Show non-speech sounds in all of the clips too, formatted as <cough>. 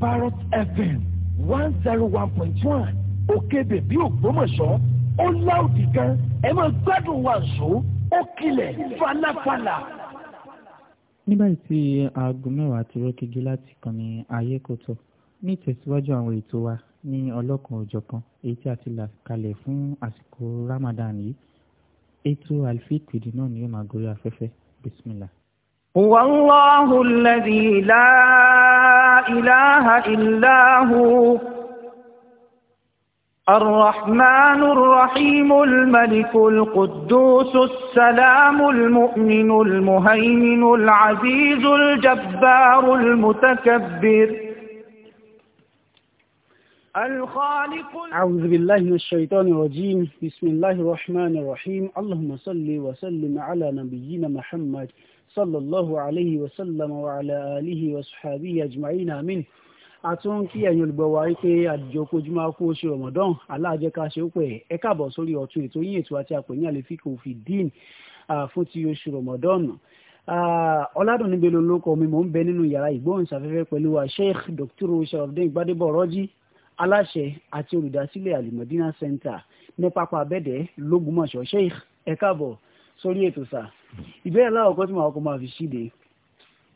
Parrot FM one zero oh one point one òkè bèbí Ògbómọ̀ṣọ́ ó láòdì gan ẹ máa gbádùn wa ṣó ó kilẹ̀ falafala. ní báyìí tí aago mẹ́wàá ti rọ́kẹ́gẹ́ láti kàn ní ayé kò tọ́ ní ìtẹ̀síwájú àwọn ètò wa ní ọlọ́kan òjọ̀kan èyí tí a ti là kalẹ̀ fún àsìkò Ramadan yìí ètò àlfíìpìdì náà ni yóò máa gorí afẹ́fẹ́ bismillah. Huwa Allahu alladhi la إله إلا هو الرحمن الرحيم الملك القدوس السلام المؤمن المهيمن العزيز الجبار المتكبر الخالق أعوذ بالله من الشيطان الرجيم بسم الله الرحمن الرحيم اللهم صل وسلم على نبينا محمد صلى الله عليه وسلم وعلى آله وصحابه wa sahbihi ajma'in amin àtún kí ẹ̀yin olùgbọ̀wá wípé àdìjọ kojúmọ́ kú oṣù Ramadan aláàjẹ ká ṣe ó pẹ ẹ káàbọ̀ sórí ọ̀tún ètò yín ètò àti àpò ní àlefi kò fi dín fún ti oṣù Ramadan ọ̀làdùn níbi lolóko mi mò ń bẹ nínú yàrá ìgbóhùnsáfẹ́fẹ́ pẹ̀lú wa sheikh dr sharafdin gbadebo rọ́jí aláṣẹ àti olùdásílẹ̀ alimọ̀dínà center ní pápá abẹ́dẹ̀ lógúnmọ̀ṣọ́ sheikh ẹ káàbọ̀ sórí ètò sà ìbéèrè aláwọ̀kọ́ tí màá kọ́ máa fi ṣíde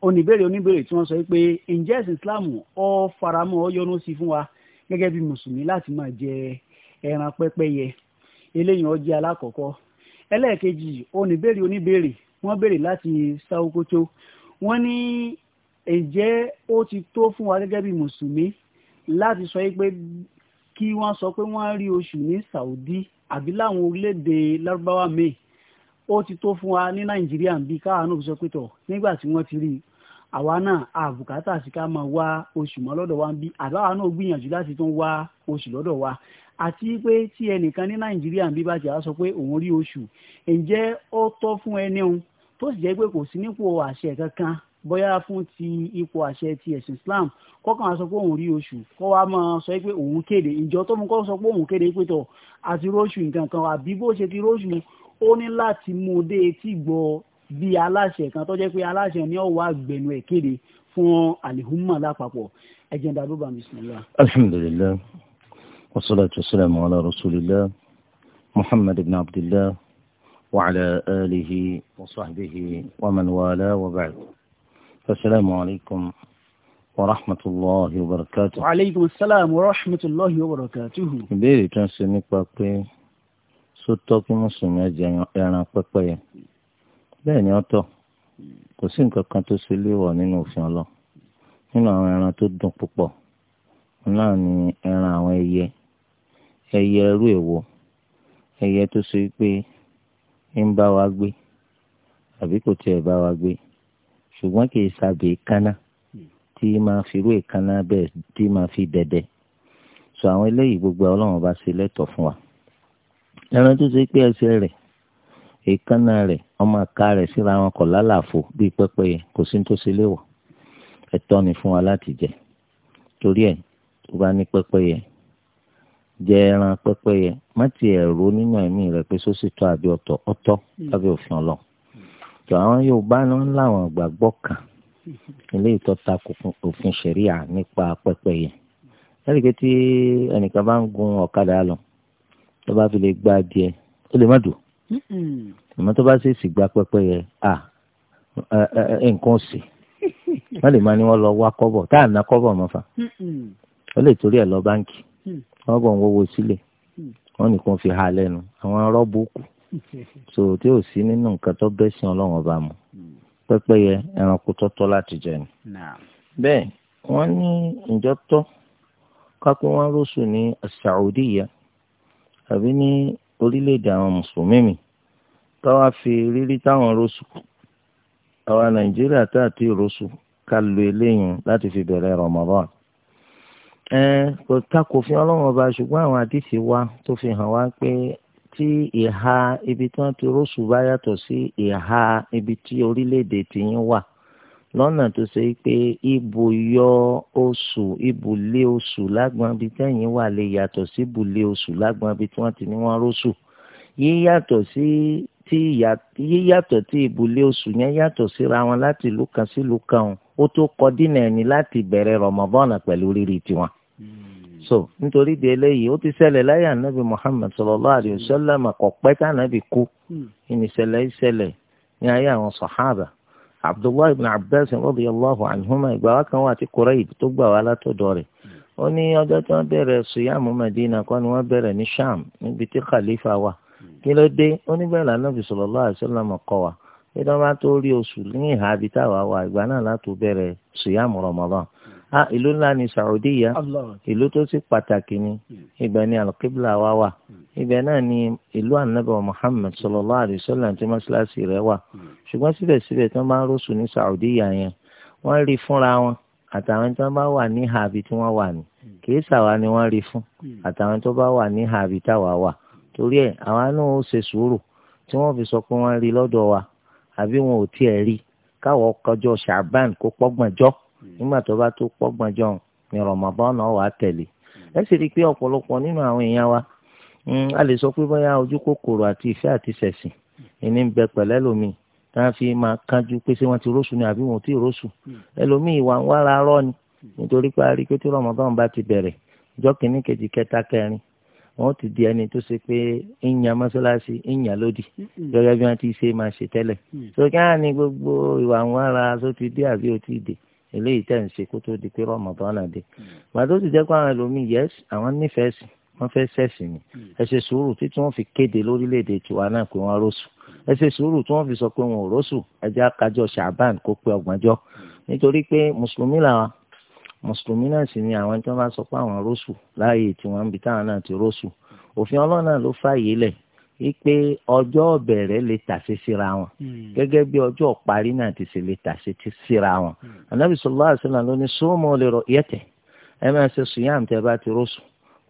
oníbèrè oníbèrè tí wọ́n sọ pé ǹjẹ́ ẹ̀sìn Islam ọ faramọ́ ọ yọ́nú sí fún wa gẹ́gẹ́ bí mùsùlùmí láti máa jẹ ẹran pẹ́pẹ́yẹ eléyìí ó jẹ́ alákọ̀ọ́kọ́ ẹlẹ́ẹ̀kejì oníbèrè oníbèrè wọ́n béèrè láti Sàwókótó wọ́n ní ǹjẹ́ ó ti tó fún wa gẹ́gẹ́ bí mùsùlùmí láti sọ pé kí wọ́n sọ pé wọ́n rí oṣù ní Saudi àbí láwọn orílẹ̀-èdè lárúbáwá míì ó ti tó fún wa ní nàìjíríà ń bí káwa náà sọ pé tọ̀ nígbà tí wọ́n ti rí àwa náà àbùkátà sí ká máa wá oṣù mọ́ lọ́dọ̀ wa ń bí àbáwa náà gbìyànjú láti tún wá oṣù lọ́dọ̀ wa àti pé tí ẹnìkan ní nàìjíríà ń bí bá ti àá sọ pé òun rí oṣù ǹjẹ́ ó tọ́ fún ẹni òun tó sì jẹ́ pé kò sí nípò àṣẹ kankan bóyá fún ti ipò àṣẹ ti ẹ̀sìn Islam kọ́kàn á sọ pé òun rí oṣù kọ́ wa máa sọ pé òun kéde ìjọ tó mú kọ́ sọ pé òun kéde pé tọ̀ àti róṣù nǹkan kan àbí bó ṣe ti róṣù ó ní láti mú un dé etí gbọ́ bí aláṣẹ kan tó jẹ́ pé aláṣẹ ni ó wà gbẹnu ẹ̀ kéde fún alihumma lápapọ̀ ẹ̀jẹ̀ dàdúbà bismillah. alhamdulilayi wasalaatu wasalaamu ala rasulillah muhammad ibn abdillah wa alihi wa sahbihi wa man wala wa ba'd asalaamu alaykum salaam wa rahmatulahi wa ìbéèrè tó ń ṣe nípa pé. tó tọ́ kí mùsùlùmí jẹ ẹran pẹ́pẹ́yẹ bẹ́ẹ̀ ni ó tọ̀ kò sí nǹkan kan tó ṣe léèwọ̀ nínú òfin ọlọ́ nínú àwọn ẹran tó dùn púpọ̀ náà ni ẹran àwọn ẹyẹ ẹyẹ ẹrú èwo ẹyẹ tó ṣe pé ń bá wa gbé àbí kò tiẹ̀ bá wa gbé ṣùgbọ́n kì í sábẹ́ kánná tí máa fi rú èkánná bẹ́ẹ̀ tí máa fi dẹ̀dẹ̀ sọ àwọn eléyìí gbogbo ọlọ́run bá ṣe lẹ́tọ̀ọ́ fún wa. ẹran tó ṣe pé ẹsẹ̀ rẹ̀ èékánná rẹ̀ ọmọ àka rẹ̀ síra wọn kò lálàfo bíi pẹ́pẹ́yẹ kò sí tó ṣe léwọ̀ ẹ̀tọ́ ni fún wa láti jẹ torí ẹ̀ tó bá ní pẹ́pẹ́yẹ jẹ ẹran pẹ́pẹ́yẹ má ti ẹ̀rọ nínú ẹ̀mí rẹ̀ pé sósì tó àbí ọ̀tọ̀ ọ̀tọ̀ lábẹ́ òfin ọlọ́run tó àwọn Yorùbá náà láwọn gbàgbọ́ kan ilé ìtọ́ ta òfin ṣẹ̀ríà nípa pẹ́pẹ́yẹ ẹ̀rí pé tí ẹnìkan bá ń gun ọ̀kadà lọ tó bá fi lè gba adìẹ ó lè má dùn tó bá sì sì gba pẹ́pẹ́ yẹ à nǹkan sì <laughs> wọ́n lè máa ní wọ́n lọ wá kọ́bọ̀ tá à ná kọ́bọ̀ mọ́ lè torí ẹ̀ lọ báńkì mm. wọ́n bọ̀ ń wọ́wọ́ sílẹ̀ mm. wọ́n nìkan fi ha lẹ́nu àwọn <laughs> tí ò sí nínú nǹkan tó bẹ́ sí ọlọ́run ọba mu mm. pẹ́pẹ́ yẹ ẹranko tọ́tọ́ láti jẹ ni bẹ́ẹ̀ wọ́n ní ìjọ àbí ní orílẹ̀-èdè àwọn mùsùlùmí mi táwa fi rírí táwọn rosu. àwa nàìjíríà tá àti rọ́ṣù ká lo eléyìí láti fi bẹ̀rẹ̀ Ramadan ẹ kò takò fi ọlọ́run ọba ṣùgbọ́n àwọn àdìsí wa tó fi hàn wá pé tí ìhà ibi tí wọ́n ti rọ́ṣù bá yàtọ̀ sí ìhà ibi tí orílẹ̀-èdè tìyín wà lọ́nà tó ṣe pé ibù yọ oṣù ibù lé oṣù lágbọn bíi tẹ́yìn wà lè yàtọ̀ sí ibù lé oṣù lágbọn bíi tí wọ́n ti ní wọ́n róṣù yíyàtọ̀ sí tí yíyàtọ̀ tí ibù lé oṣù yẹn yàtọ̀ síra wọn láti ìlú kan sí ìlú kan ó tó kọ dínà ẹni láti bẹ̀rẹ̀ rọmọbọ́ọ̀nà pẹ̀lú rírì tiwọn hmm. so nítorí di eléyìí ó ti ṣẹlẹ̀ láyé ànábì muhammed sallallahu alaihi wasallam kò pẹ́ tí kú ìníṣẹ̀lẹ̀ hmm. ìṣẹ̀lẹ̀ abdullahi ibn abbas radiyallahu anhuma ìgbà wa kan wà tí kurayb tó gbà wá látọ̀dọ̀ rẹ̀ ó ní ọjọ́ tí wọ́n bẹ̀rẹ̀ suyamu madina kọ́ ni wọ́n bẹ̀rẹ̀ ní sham níbi tí khalifa wà kí ló dé ó ní bẹ́ẹ̀ lànàbì sallallahu alaihi wasallam kọ́ wa pé tó rí oṣù ní ìhà àbí táwa ìgbà náà látò bẹ̀rẹ̀ suyamu ramadan a ìlú ńlá ni Saudi ya, ìlú tó sì pàtàkì ni hmm. ibẹ̀ ni alqibla wa wà hmm. ibẹ̀ náà ni ìlú anabi Muhammad sallallahu alayhi wa sallam tí mọ́ṣáláṣí rẹ̀ wà hmm. ṣùgbọ́n síbẹ̀síbẹ̀ tí wọ́n bá ń rọ́ṣù ní Saudi yá yẹn wọ́n rí fúnra wọn àtàwọn tí wọ́n bá wà ní hàbí tí wọ́n wà ní kìí sàwa ni wọ́n rí fún àtàwọn tó bá wà ní hàbí táwa wà torí ẹ̀ àwa náà ó ṣe sùúrù tí wọ́n fi sọ pé wọ́n rí lọ́dọ̀ wa àbí wọn ò tiẹ̀ rí káwọ́ kọjọ́ ṣàbán kó pọ́gbọ̀njọ́ nígbà tó bá tó pọ́gbọ́njọ́ ni Ramadan náà wà á tẹ̀lé ẹ sì rí i pé ọ̀pọ̀lọpọ̀ nínú àwọn èèyàn wa hmm, a lè sọ pé bóyá ojú kòkòrò àti ìfẹ́ àti ṣẹ̀sìn ìní ń bẹ pẹ̀lẹ́ lómi tá a fi máa kánjú pé ṣé wọ́n ti róṣù ni àbí wọn ò tí ì róṣù ẹlòmíì ìwà ń wára rọ́ ni nítorí pé a rí i pé tí Ramadan bá ti bẹ̀rẹ̀ ọjọ́ kìíní kejì kẹta kẹrin wọn ti di ẹni tó ṣe pé ìyàn mọ́ṣáláṣí ìyàn lódì gẹ́gẹ́ bí wọ́n ti ṣe máa ṣe tẹ́lẹ̀. Hmm. sọ kí á ní gbogbo ìwà ń wára só ti dé àbí ó ti dé eléyìí tẹ̀ ń ṣe kó tó di pé Ramadan náà dé hmm. gbàdó ti jẹ́ pé àwọn ẹlòmíì yẹ́s àwọn nífẹ̀ẹ́ sí wọ́n fẹ́ sẹ́sì ni hmm. ẹ ṣe sùúrù títí wọ́n fi kéde lórílẹ̀‐èdè tiwa náà pé wọ́n rọ́ṣù hmm. ẹ ṣe sùúrù tí wọ́n fi sọ pé wọ́n rọ́ṣù ẹjẹ́ akájọ ṣàbán kó pé ọgbọ̀njọ́ nítorí pé mùsùlùmí làwọn mùsùlùmí náà sì ni àwọn tí wọ́n bá sọ pé àwọn rọ́ṣù láàyè tí ipe ọjọ́ bẹ̀rẹ̀ lè tàṣe síra wọn hmm. gẹ́gẹ́ bí ọjọ́ parí náà ti ṣe lè tàṣe síra wọn anabi hmm. sallallahu alaihi wasallam ló ní sọ́mọ lè rọ yẹtẹ̀ ẹ máa ṣe tẹ bá ti rọ́ṣù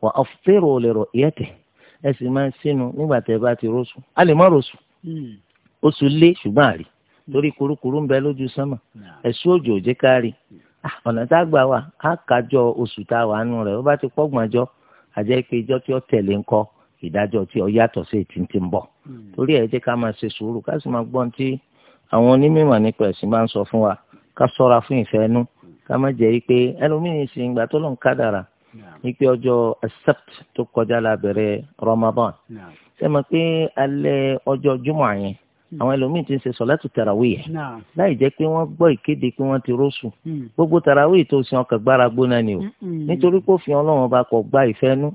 wà aftiru lè rọ yẹtẹ̀ ẹ sì máa ń sínú nígbà tẹ bá ti rọ́ṣù a lè má rọ́ṣù hmm. oṣù lé ṣùgbọ́n àrí torí kurukuru ń bẹ lójú sánmà ẹ̀sùn òjò ìdájọ́ tí ó yàtọ̀ sí ètí tí ń bọ̀ hmm. torí ẹ̀ jẹ́ ká máa ṣe sùúrù ká sì máa gbọ́n tí àwọn onímọ̀ nípa ẹ̀sìn máa ń sọ fún wa ká sọ́ra fún ìfẹ́ inú ká má jẹ́ pé ẹlòmíín sì ń gbà tó lóun ká dára ní hmm. pé ọjọ́ accept tó kọjá lábẹ́rẹ́ Ramadan hmm. ṣé mo pé alẹ́ ọjọ́ jùmọ̀ yẹn Hmm. àwọn ẹlòmíín ti ń ṣe sọ̀látù tarawih hmm. láì jẹ́ pé wọ́n gbọ́ ìkéde pé wọ́n ti róṣù hmm. gbogbo tarawih tó sin ọkàn gbára gbóná ni o nítorí pé òfin ọlọ́run ọba kò gba ìfẹ́nu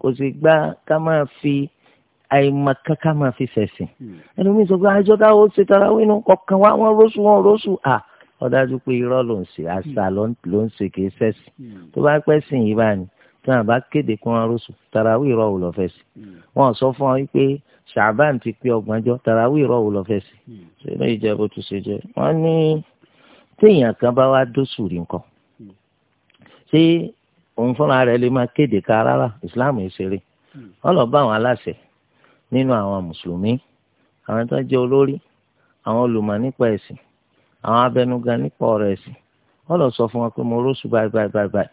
kò sì gba ká máa fi àìmọ̀ kankan máa fi ṣẹ̀sìn ẹlòmíín sọ pé àjọ ah, dáwọ́ ṣe tarawih inú kọ̀ọ̀kan wá wọ́n róṣù wọ́n róṣù à ọ̀dájú pé irọ́ ló ń ṣe àṣà ló ń ṣe kì í ṣẹ̀sìn tó bá pẹ́ sìn yìí báyìí tí wọn bá kéde kí wọn rọṣù tàràwí ìrọ̀ wò lọ́fẹ́ sí wọn sọ fún ọ pé ṣàbán ti pé ọgbọ̀njọ́ tàràwí ìrọ̀ wò lọ́fẹ́ sí ṣe ló jẹ bó tún ṣe jẹ wọn ní téèyàn kan bá wá dóṣù rí nǹkan ṣé òun fúnra rẹ̀ lè máa kéde ká rárá islam ìṣeré wọn lọ bá àwọn aláṣẹ nínú àwọn mùsùlùmí àwọn tó jẹ olórí àwọn olùmọ̀ nípa ẹ̀sìn àwọn abẹnugan nípa ọ̀rọ̀ ẹ̀sìn wọn lọ sọ fún wọn pé mo rọṣù báyìí báyìí báyìí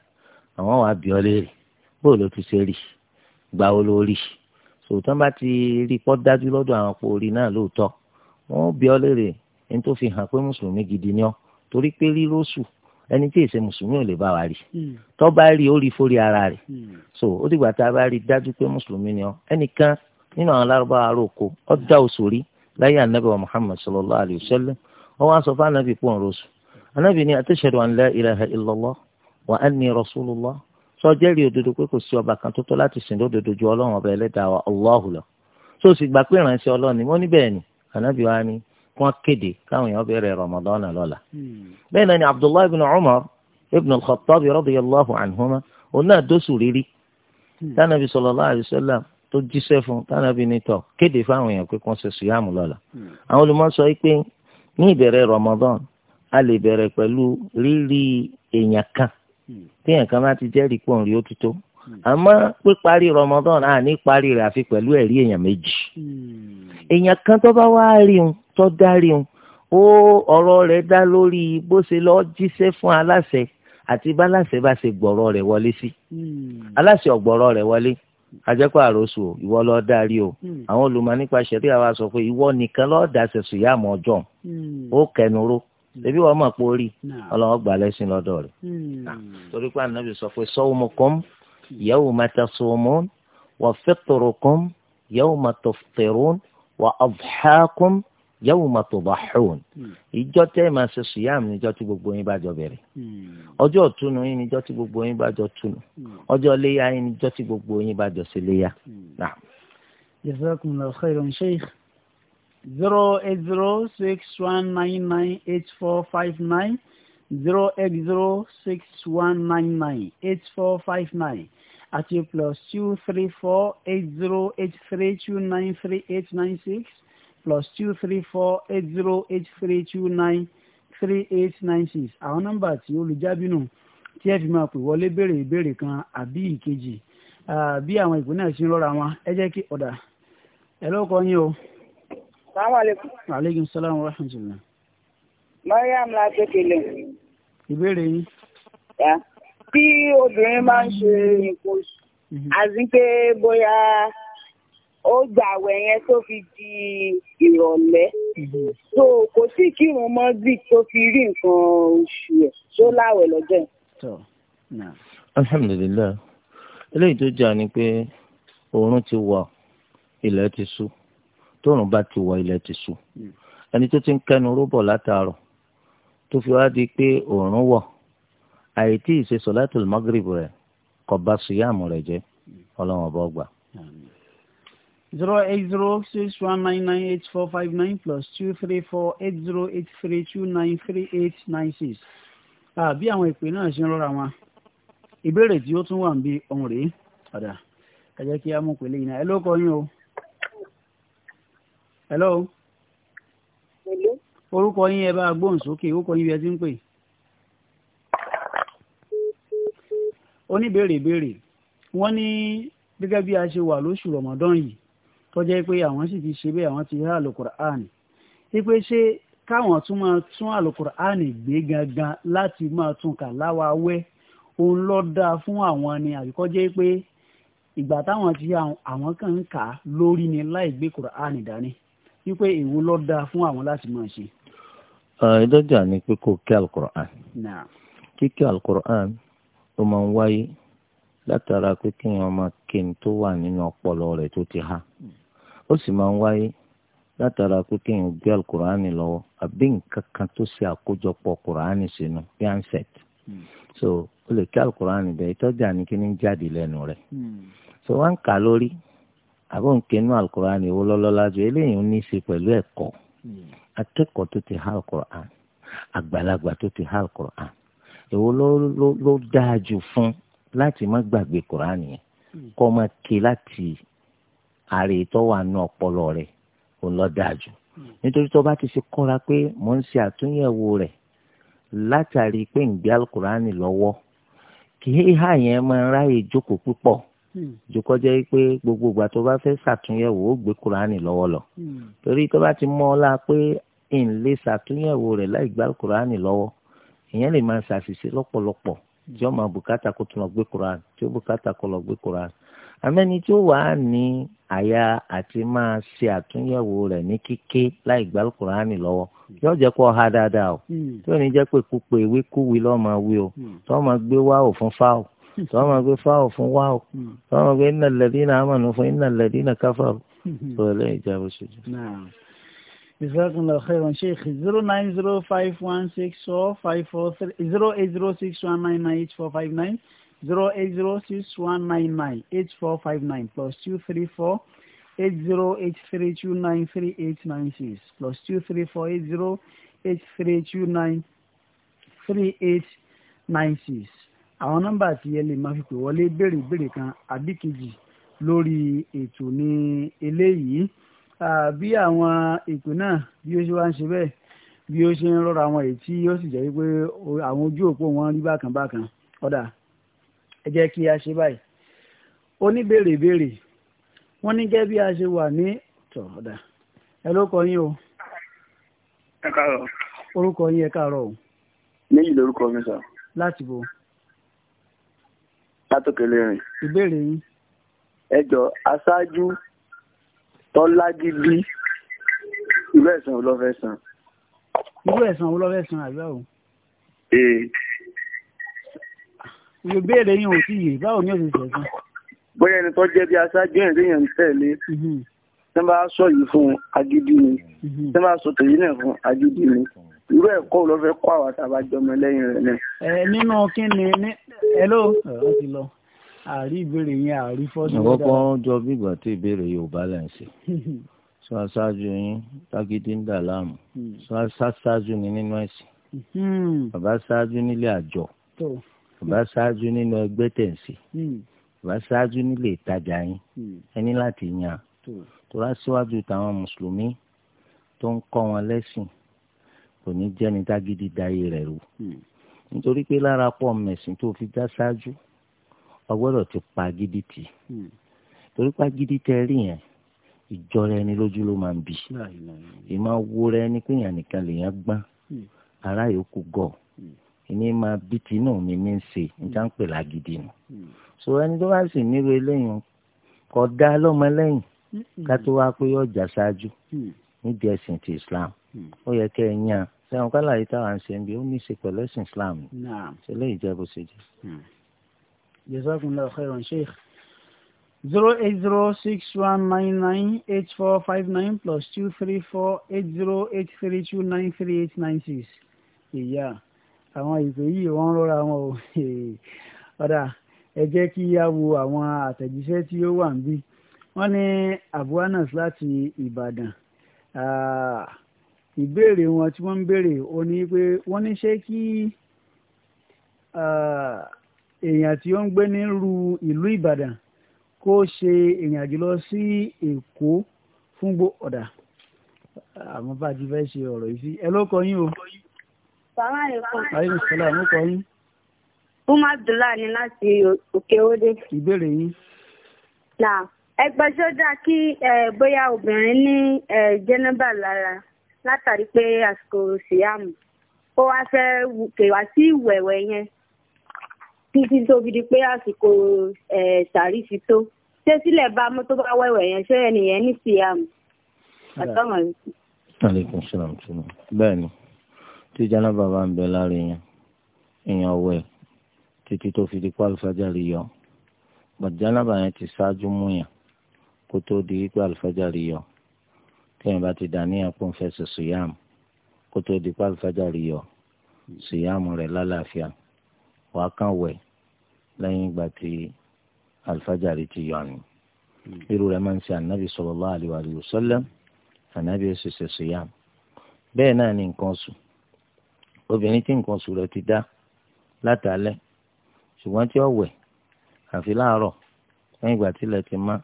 àwọn wàá bí ọ bó ló ti ṣe rí gbà ó lórí sòtọ́ bá ti rí pọ́ dájú lọ́dọ̀ àwọn pòrí náà lóòótọ́ wọ́n bí ọ léèrè ní tó fi hàn pé mùsùlùmí gidi ni ọ́ torí pé rírọ́sù ẹni tí èsè mùsùlùmí ò lè bá wa rí hmm. tó bá rí ó rí fórí ara rẹ̀ hmm. so ó dìgbà tá a bá rí dájú pé mùsùlùmí ni ọ́ ẹnìkan nínú àwọn lárúbáwá roko ọ́ dá oṣù rí láyé anabi wa muhammad sallallahu alayhi wa wá sọ fún anabi pọ̀ ń rọ́sù anabi ni atashhadu sọjẹ́rì òdodo pé kò sí ọba kan tó tọ́ láti sìn lódodo ju ọlọ́run ọba ẹlẹ́dàá wa Allahu lọ tó sì gbà pé ìránṣẹ́ ọlọ́run ni wọ́n níbẹ̀ ni ànábì wa ni wọ́n kéde káwọn èèyàn bẹ̀rẹ̀ Ramadan lọ́la. bẹ́ẹ̀ náà ni Abdullahi ibn Umar ibn al-Khattab radiyallahu anhuma òun náà dóṣù rírí hmm. tánàbí sallallahu alaihi wasallam tó jíṣẹ́ fún tánàbí nítọ̀ kéde fáwọn èèyàn pé kò ṣe sùyàmù lọ́la. Hmm. àwọn olùmọ̀ sọ pé ní ìbẹ̀rẹ̀ Ramadan a lè bẹ̀rẹ̀ pẹ̀lú rírí èèyàn kan téèyàn kan bá ti jẹ́rìí pọ̀ nrí ó ti tó àmọ́ píparí Ramadan náà ní parí rẹ̀ àfi pẹ̀lú ẹ̀rí èèyàn méjì èèyàn kan tó bá wá rí un tó dá rí un ó ọ̀rọ̀ rẹ̀ dá lórí bó ṣe lọ́ọ́ jíṣẹ́ fún aláṣẹ àti báláṣẹ bá ṣe gbọ̀rọ̀ rẹ̀ wọlé sí aláṣẹ ọ̀gbọ̀rọ̀ rẹ̀ wọlé ajẹ́kọ̀ àròsù ìwọ lọ́ọ́ darí o àwọn olùmọ̀ nípa ṣẹ̀ríà wa sọ pé ìwọ nìkan lọ́ọ́ dàṣẹ̀ sùyàmù ọjọ́ ó kẹnuró ṣebí wọn mọ̀ pé ó rí ọlọ́wọ́ gbà lẹ́sìn lọ́dọ̀ rẹ̀ hmm. ah, torí pé ànábì sọ pé sawmukum yawma tasumun wa fitrukum yawma tuftirun wa adhakum yawma tudahhun ìjọ hmm. tẹ́ ẹ̀ máa ṣe sùyàm níjọ́ tí gbogbo yín bá jọ bẹ̀rẹ̀ hmm. ọjọ́ ìtúnu yín níjọ́ tí gbogbo yín bá jọ túnu ọjọ́ léyà yín níjọ́ tí gbogbo yín bá jọ ṣe léyà. jazakumullahu khairan sheikh zero eight zero six one nine nine eight four five nine zero eight zero six one nine nine eight four five nine at you plus two three four eight zero eight three two nine three eight nine six plus two three four eight zero eight three two nine three eight nine six àwọn nọ́mbà tí olùjábínú tí ẹ fi máa pè wọlé béèrè ìbéèrè kan àbí ìkejì bí àwọn ìpínlẹ̀ sí ń rọra wọn ẹ jẹ́ kí ọ̀dà ẹ lọ́kọ yín o sàmàlẹ́kùn. aleykum salaam wa rahmatulah. mariam la kékeré. ìbéèrè yín. tí obìnrin máa ń ṣe nǹkan oṣù àti mhm. pé bóyá ó gbààwẹ̀ yẹn tó fi di ìrọ̀lẹ́ mhm. so kò sí kírun mọ́ bí tó fi rí nǹkan oṣù ẹ̀ tó láwẹ̀ lọ́jọ́ yẹn. alhamdulilayi eléyìí tó jà ni pé oòrùn ti wà ilẹ̀ ti ṣú tóòrùn bá ti wọ ilẹ̀ ti sùn ẹni tó ti ń kẹnu rúbọ̀ látàárọ̀ tó fi wá di pé òòrùn wọ̀ àìtí ìṣe sọ̀látùl magrib rẹ̀ kò bà síyàmù rẹ̀ jẹ́ ọlọ́run ọba ọgbà. zero eight zero six one nine nine eight four five nine plus two three four eight zero eight three two nine three eight nine six. àbí àwọn ìpè náà ṣe ń rọra wọn ìbéèrè tí ó tún wà ń bí ọ̀hún rèé padà ẹ jẹ́ kí á mú pèlè yìí náà ẹ ló kọ́ yín o hello. hello. orúkọ yín ẹ bá a gbóhùn sókè orúkọ yín bí ẹ ti ń pè. oníbèrèbèrè wọ́n ní gẹ́gẹ́ bí a ṣe wà lóṣù rọ̀mọ́dán yìí tó jẹ́ pé àwọn sì ti ṣe bẹ́ẹ̀ àwọn ti há àlùkùránì wípé ṣé káwọn tún máa tún àlùkùránì gbé gangan láti máa tún kà láwáwẹ́ òun ló dáa fún àwọn ni àbíkọ́ pé ìgbà táwọn ti àwọn kan ń kà lórí ni láì gbé kùránì dání wípé èwo ló dáa fún àwọn láti máa ṣe. Ah, ìdọ́jà ni pé kò kí alukur'an kíkí alukur'an ó máa ń wáyé látara pé kéèyàn máa kéèyàn tó wà nínú ọpọlọ rẹ̀ tó ti há ó sì máa ń wáyé látara pé kéèyàn gbé alukur'ani lọ́wọ́ àbí nǹkan kan tó ṣe àkójọpọ̀ kur'ani sínú handset hmm. so ó lè kí alukur'ani bẹ́ẹ̀ ìtọ́jà ni kí ni jáde lẹ́nu rẹ̀ hmm. so wọ́n ń kà lórí àbọ̀ nkẹ́nu alukur'an ìwọ lọ́lọ́lá ju eléyìí ní í ṣe pẹ̀lú ẹ̀kọ́ hmm. akẹ́kọ̀ọ́ tó ti há alukur'an àgbàlagbà tó ti há alukur'an ìwọ ló dáa jù fún láti má gbàgbé kur'an yẹn hmm. kọ́ máa ké láti ààrẹ tó wà nù ọpọlọ rẹ̀ ò lọ dáa jù hmm. nítorí tó bá ti ṣe kọ́ra pé mò ń ṣe àtúnyẹ̀wò rẹ̀ látàrí pé ń gbé alukur'an lọ́wọ́ kì í há yẹn máa ráyè jókòó púpọ̀ Hmm. jùkọ́ jẹ́ pé gbogbo ìgbà tó bá fẹ́ ṣàtúnyẹ̀wò ó gbé kuraani lọ́wọ́ lọ hmm. torí tó bá ti mọ́ ọ́ la pé ń lè ṣàtúnyẹ̀wò rẹ̀ láì gbá kuraani lọ́wọ́ ìyẹn lè máa ṣàṣìṣe lọ́pọ̀lọpọ̀ hmm. tí ó máa bùkátà kó tún lọ gbé kuraani tí ó bùkátà kó lọ gbé kuraani amẹ́ni tí ó wàá ní àyà àti máa ṣe àtúnyẹ̀wò rẹ̀ ní kíké láì gbá kuraani lọ́wọ́ yóò jẹ́ kó ha dáadáa o tí ò ní jẹ́ pé kúpe ìwé kúwi lọ́ọ́ máa wí o tí máa gbé wá òfun fáwọn sọ ma pé fáwọ̀ fún wáwọ̀ hmm. sọ ma pé iná lẹ́dí náà àmàlù fún iná lẹ́dí náà káfà sọ lẹ́yìn ìjà bó ṣe jù. Jazakumullahu khairan Sheikh zero nine zero five one six four five four three zero eight zero six one nine nine eight four five nine zero eight zero six one nine nine eight four five nine plus two three four eight zero eight three two nine three eight nine six plus two three four eight zero eight three two nine three eight nine six àwọn nọ́mbà tí ẹ lè máa fi pè wọlé béèrè ìbéèrè kan àbí kejì lórí ètò ní eléyìí bí àwọn ètò náà bí ó ṣe wá ń ṣe bẹ́ẹ̀ bí ó ṣe ń rọra àwọn èyí tí ó sì jẹ́ wípé àwọn ojú òpó wọn rí bákan bákan ọ̀dà ẹ jẹ́ kí a ṣe báyìí oníbèrè ìbéèrè wọ́n ní gẹ́gẹ́ bí a ṣe wà ní tọ̀ ọ̀dà ẹ ló kọ yín o. ẹ káàárọ̀. orúkọ yín ẹ káàárọ̀ o. méjì lórúkọ mi sọ. láti bo látòkèlè rìn. ìbéèrè yín. ẹ jọ aṣáájú tọ́lágídí irú ẹ̀sán wo ló fẹ́ san. irú ẹ̀sán wo ló fẹ́ san àbí báwo. ee. ìbéèrè yín ò tíye báwo ni ó ti ṣẹ̀sán. bóyá ẹni tó jẹ́ bí aṣáájú ẹ̀ léèyàn tẹ̀lé mhm. tí wọ́n bá sọ yìí fún agídí ni mhm. tí wọ́n bá sọ tèyí náà fún agídí ni irú ẹ̀kọ́ ló fẹ́ kọ́ àwọn àtàwọn àjọmọ lẹ́yìn rẹ̀ náà. ẹ nínú kí ni ní hello ọ ti lọ àrí ìbéèrè yẹn àrí fọ́sùn. àkọ́kọ́ jọ bí ìgbà tí ìbéèrè yorùbá là ń ṣe <laughs> sọ aṣáájú yín tágídí ń dà láàmú hmm. sọ aṣáájú ni nínú ẹ̀sìn hmm. bàbá aṣáájú nílé àjọ bàbá aṣáájú nínú ẹgbẹ́ tẹ̀sí hmm. bàbá aṣáájú nílé ìtajà yín ẹni láti yàn tó rá táwọn mùsùlùmí tó ń kọ́ wọn lẹ́sìn kò ní jẹ́ni tágídí dayé rẹ̀ rú hmm. nítorí pé lára pọ̀ mẹ̀sìn tó fi dá ṣáájú ọgbọ́dọ̀ ti pa gidi tì hmm. torí pa gidi tẹ rí yẹn ìjọra ẹni lójú ló máa ń bì ìmọ̀ wo rẹ ni pé yàn nìkan lèèyàn gbọ́n hmm. ara yòókù gọ̀ ìní máa bí tinú mi ní í ṣe níta ń pè lágídí nù so ẹni tó bá sì nírú eléyìí kò dá lọ́mọlẹ́yìn ká tó wá pé ọjà ṣáájú nídìí ẹ̀sìn ti Islam ó yẹ kẹ́ ẹ yàn án sẹ́wọ̀n kálá yìí táwọn à ń ṣe ń bí ó ní í ṣe pẹ̀lú ẹ̀sìn Islam ṣe léyìí jẹ́ bó ṣe jẹ́. Hmm. jazakumullahu khairan sheikh zero eight zero six one nine nine eight four five nine plus two three four eight zero eight three two nine three eight nine six ìyá àwọn ìpè yìí wọ́n rọra wọn ò <laughs> ọ̀dà ẹ jẹ́ kí a wo àwọn àtẹ̀jíṣẹ́ tí ó wà ń bí wọ́n ní abu láti Ìbàdàn. Ah, ìbéèrè wọn tí wọ́n ń béèrè ó ní pé wọ́n ní ṣé kí èèyàn tí ó ń gbé nírú ìlú Ìbàdàn kó ṣe ìrìn àjò lọ sí Èkó fún gbó ọ̀dà àmọ́ bá a ti fẹ́ ṣe ọ̀rọ̀ yìí sí ẹ ló kọ yín o. bàbá rẹ kọ. ayé ìṣẹ̀lẹ̀ àmú kọ yín. umar abdullahi ni láti òkè òde. ìbéèrè yín. nà ẹgbẹ́ sójà kí bóyá obìnrin ní jẹ́nẹ́bà lára látàrí pé àsìkò síyàmù ó wá fẹ́ kèwà sí ìwẹ̀wẹ̀ yẹn títí tó fi di pé àsìkò sàrí fi tó ṣé sílẹ̀ bá mú tó bá wẹ̀wẹ̀ yẹn ṣé ẹnìyẹn ní síyàmù aleykum salaam tuma bẹ́ẹ̀ ni tí jánábà ń bẹ lára yẹn èèyàn wẹ̀ títí tó fi di pé àlùfáàjà rí yọ bàjánábà yẹn ti ṣáájú mú yàn kó tó di pé àlùfáàjà yọ téèyàn bá ti dàníyàn kó ń fẹ́ ṣe sùyàmù kó tó di pálífájà rí yọ sùyàmù rẹ̀ lálàáfíà wàá kàn wẹ̀ lẹ́yìn ìgbà tí àlùfájà rí ti yọ ni. irú rẹ̀ máa ń ṣe ànábì sallallahu alaihi wa sallam ànábì èsì ṣe sùyàmù. bẹ́ẹ̀ náà ni nǹkan oṣù obìnrin tí nǹkan oṣù rẹ̀ ti dá látàlẹ́ ṣùgbọ́n tí ó wẹ̀ àfi láàárọ̀ lẹ́yìn ìgbà tí ilẹ̀ ti mọ́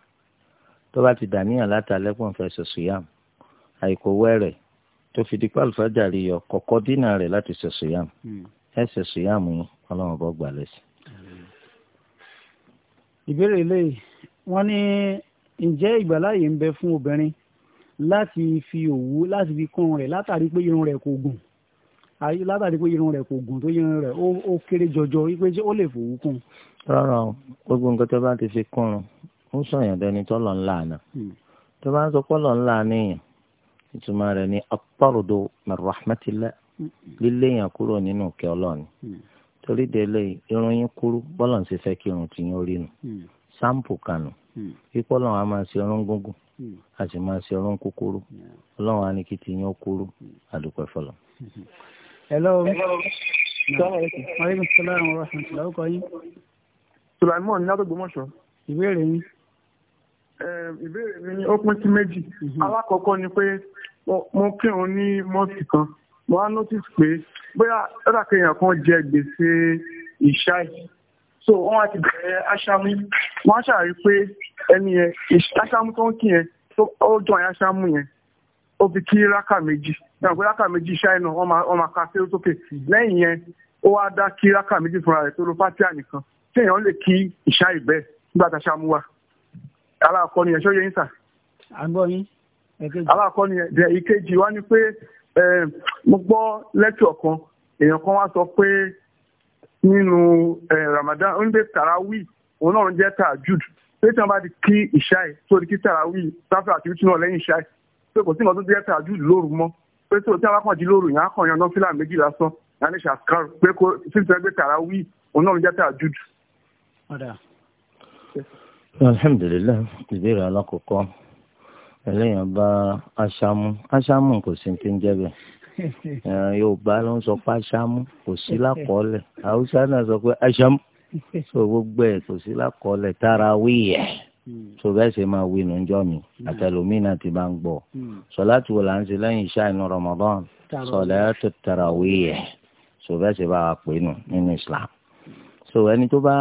tó bá ti dàníyàn látàlẹ́ kó ń fẹ́ ṣe àìkówẹ́rẹ̀ tó fi di pàlùfájàrí yọ kọ̀kọ́ dínà rẹ̀ láti ṣe sùyàmù hmm. ẹ ṣe sùyàmù ọlọ́run bọ́ gbà lẹ́sìn. ìbéèrè eléyìí wọ́n ní ǹjẹ́ ìgbàláyè ń bẹ fún obìnrin láti fi òwú láti fi kún rẹ̀ látàrí pé irun rẹ̀ kò gùn látàrí pé irun rẹ̀ kò gùn tó irun rẹ̀ ó kéré jọjọ wípé ó lè fòwú kún. rárá o gbogbo nǹkan tó bá ti fi kún un ó sọ̀yàn dẹni tó lọ ńlá àná hmm. tó bá ń sọ pé lọ ńlá àníyàn ìtumọ̀ rẹ̀ ni na mẹrọ̀hámẹ́tìlẹ̀ mm. lílé yẹn kúrò nínú ìkẹ́ ọlọ́ọ̀ni mm. torí délé irun yín kúrú bọ́lọ̀ ń ṣe fẹ́ kí irun tìyín orí nu sáǹpù a máa ṣe irun gúngùn mm. a sì máa ṣe irun kúkúrú ọlọ́wọ́ hello yín. sulaimon ní Ehm, ìbéèrè mi ó pín sí méjì mhm. alákọ̀ọ́kọ́ ni pé mo ní mọ́ọ̀sì kan mo wá notice pé bóyá lọ́dà kéèyàn kan jẹ gbèsè ìṣáì so wọ́n á ti bẹ̀rẹ̀ aṣáámú wọ́n á ṣàrí pé ẹni yẹn aṣáámú tó ń kí yẹn ó jọ àyà aṣáámú yẹn ó fi kí rákà méjì pé rákà méjì náà wọ́n máa ka sí sókè lẹ́yìn yẹn ó wá dá kí rákà méjì fúnra rẹ̀ tó lo fátíà nìkan lè kí aláàkọ́ ni ẹ̀ ṣó yẹ yín sà. àgbọ̀ yín. aláàkọ́ ni ẹ̀ ìkejì wá ni pé mo gbọ́ lẹ́tọ̀ kan èèyàn kan wá sọ pé nínú Ramadan ó ń gbé tarawí òun náà ń jẹ́ tajud pé tí wọ́n bá ti kí ìṣá ẹ̀ tó di kí tarawí sáfẹ́ àti wíṣí náà lẹ́yìn ìṣá ẹ̀ pé kò sí nǹkan tó jẹ́ tajud lóru mọ́ pé tí òtí àwọn kan di lóru yẹn á kàn yan náà fílà méjì lásán yàrá ìṣàkárò pé kó sísè gbé tarawí òun náà ń jẹ́ tajud alhamdulillah ìbéèrè alákọ̀ọ́kọ́ ẹlẹ́yìn bá aṣámú aṣámú kò sí ti ń jẹ́ bẹ́ẹ̀ <laughs> yorùbá ló ń sọ pé aṣámú kò sí lákọọ́lẹ̀ haúsá náà sọ pé aṣámú so gbogbo ẹ̀ kò sí lákọọ́lẹ̀ tarawih ẹ̀ hmm. so bẹ́ẹ̀ ṣe máa wí nù jọ mi hmm. àtẹlómi náà ti bá ń gbọ́ hmm. sọláàtì wo là ń ṣe lẹ́yìn iṣẹ́ inú Ramadan sọláàtì tarawih ẹ̀ so bẹ́ẹ̀ ṣe bá wa pè nù nínú Islam so ẹni tó bá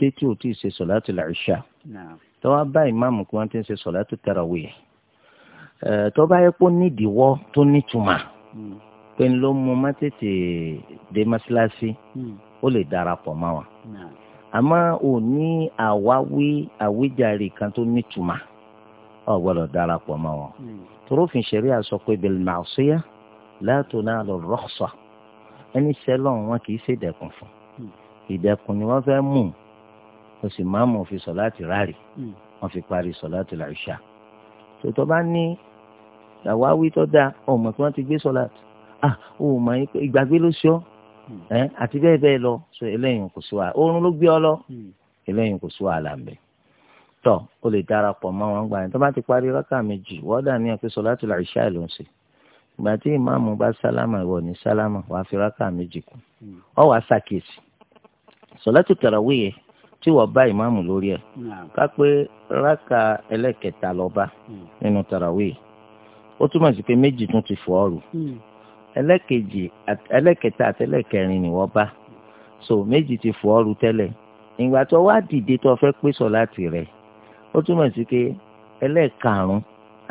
dé tí ò tí ì ṣe sọláàtì làṣà tó wá bá ìmáàmù kí wọ́n ti ń ṣe sọ̀látù tarawih tó bá yẹ kó nídìíwọ́ tó nítumà hmm. pé ń ló mú má tètè dé mọ́ṣáláṣí hmm. ó lè darapọ̀ mọ́ wa àmọ́ ò ní àwáwí àwíjàre kan tó nítumà ò gbọ́dọ̀ darapọ̀ mọ́ wa hmm. torófin ṣẹ̀rí àsọ pé bil ma'siyah la tunalu rukhsah ẹni sẹ́lọ̀ wọn kì í ṣèdẹ̀kùn fún ìdẹ̀kùn ni wọ́n fẹ́ mú un o sì máa mọ̀ fi sọ̀láàtì ráàrì hmm. wọ́n fi parí sọ̀láàtì làṣà tòótọ́ bá ní àwáwí tó dáa ọmọ tí wọ́n ti gbé sọ̀láàtì ah o mọ̀ ìgbàgbé ló ṣọ́ hmm. ẹ àti bẹ́ẹ̀ bẹ́ẹ̀ lọ so eléyìí kò sí wa oorun ló gbé ọ lọ hmm. eléyìí kò sí wa là ń bẹ̀ tọ́ o lè darapọ̀ mọ́ wọn gbà yẹn tó bá ti parí rákà méjì wọ́n dà ní ẹ̀pẹ́ sọ̀láàtì làṣà ló ń ṣe ìgbà tí ìmáàmù bá sálámà ìwọ ní sálámà wàá fi rákà méjì kù ọ wàá ṣàkíyèsí sọ̀láàtì tàràwíyẹ tí wọ́n bá ìmáàmù lórí ẹ̀ ká pé rákà ẹlẹ́kẹta lọ́ba hmm. nínú tarawih ó túmọ̀ sí pé méjì tún ti fọ́ ọ̀rù hmm. ẹlẹ́kẹjì ẹlẹ́kẹta àti ẹlẹ́kẹrin ni wọ́n bá so méjì ti fọ́ ọ̀rù tẹ́lẹ̀ ìgbà tó wá dìde tó fẹ́ pé sọ̀láàtì rẹ̀ ó túmọ̀ sí pé ẹlẹ́karùn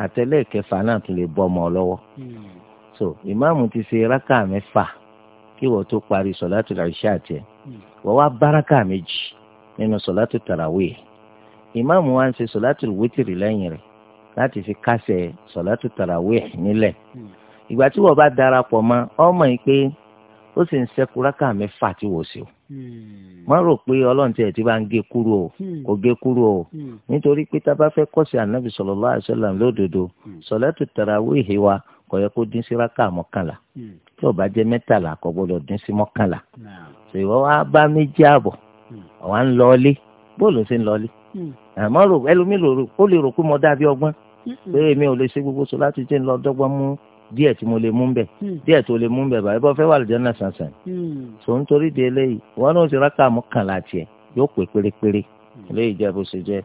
àti ẹlẹ́kẹfà náà tún lè bọ́ ọmọ lọ́wọ́ hmm. so ìmáàmù ti ṣe rákà mẹ́fà kí wọ́n tó parí sọ̀láàtì rẹ̀ ṣáàtì ẹ̀ wọ́n wá bá rákà méjì nínú sọ̀látù tàràwíì ìmáàmù wa ń ṣe sọ̀látù wítìrì lẹ́yìn rẹ̀ láti fi kásẹ̀ sọ̀látù tàràwíì nílẹ̀ ìgbà tí wọ́n bá darapọ̀ mọ́ ọmọ yìí pé ó sì ń ṣẹ́kù rákà mẹ́fà tí wò sí o wọ́n rò pé ọlọ́run tiẹ̀ ti bá ń gé kúrò o kò gé kúrò o nítorí pé tá a bá fẹ́ kọ́sí ànábì sallallahu alaihi wasallam lódodo sọ̀látù tàràwíì wa kò yẹ kó dín sí rákà mọ́kànlá tí ò bá jẹ́ mẹ́tàlá kò gbọ́dọ̀ dín sí mọ́kànlá ṣèwọ́ wa bá méjì àbọ̀ àwa ń lọlé bóòlù ṣe ń lọlé hmm. àmọ́ rò ẹlòmíì lò rò ó lè rò pé mo dàbí ọgbọ́n hmm. pé èmi ò lè ṣe gbogbo sọ láti jẹ́ ń lọ dọ́gbọ́n mú díẹ̀ tí mo lè mú bẹ̀ hmm. díẹ̀ tó lè mú bẹ̀ báyìí bọ́ fẹ́ wà lójú ọ̀nà sànsàn tó ń torí di eléyìí wọn náà ti rákà mú kàn láti ẹ̀ yóò pè pérépéré eléyìí jẹ́ bó ṣe jẹ́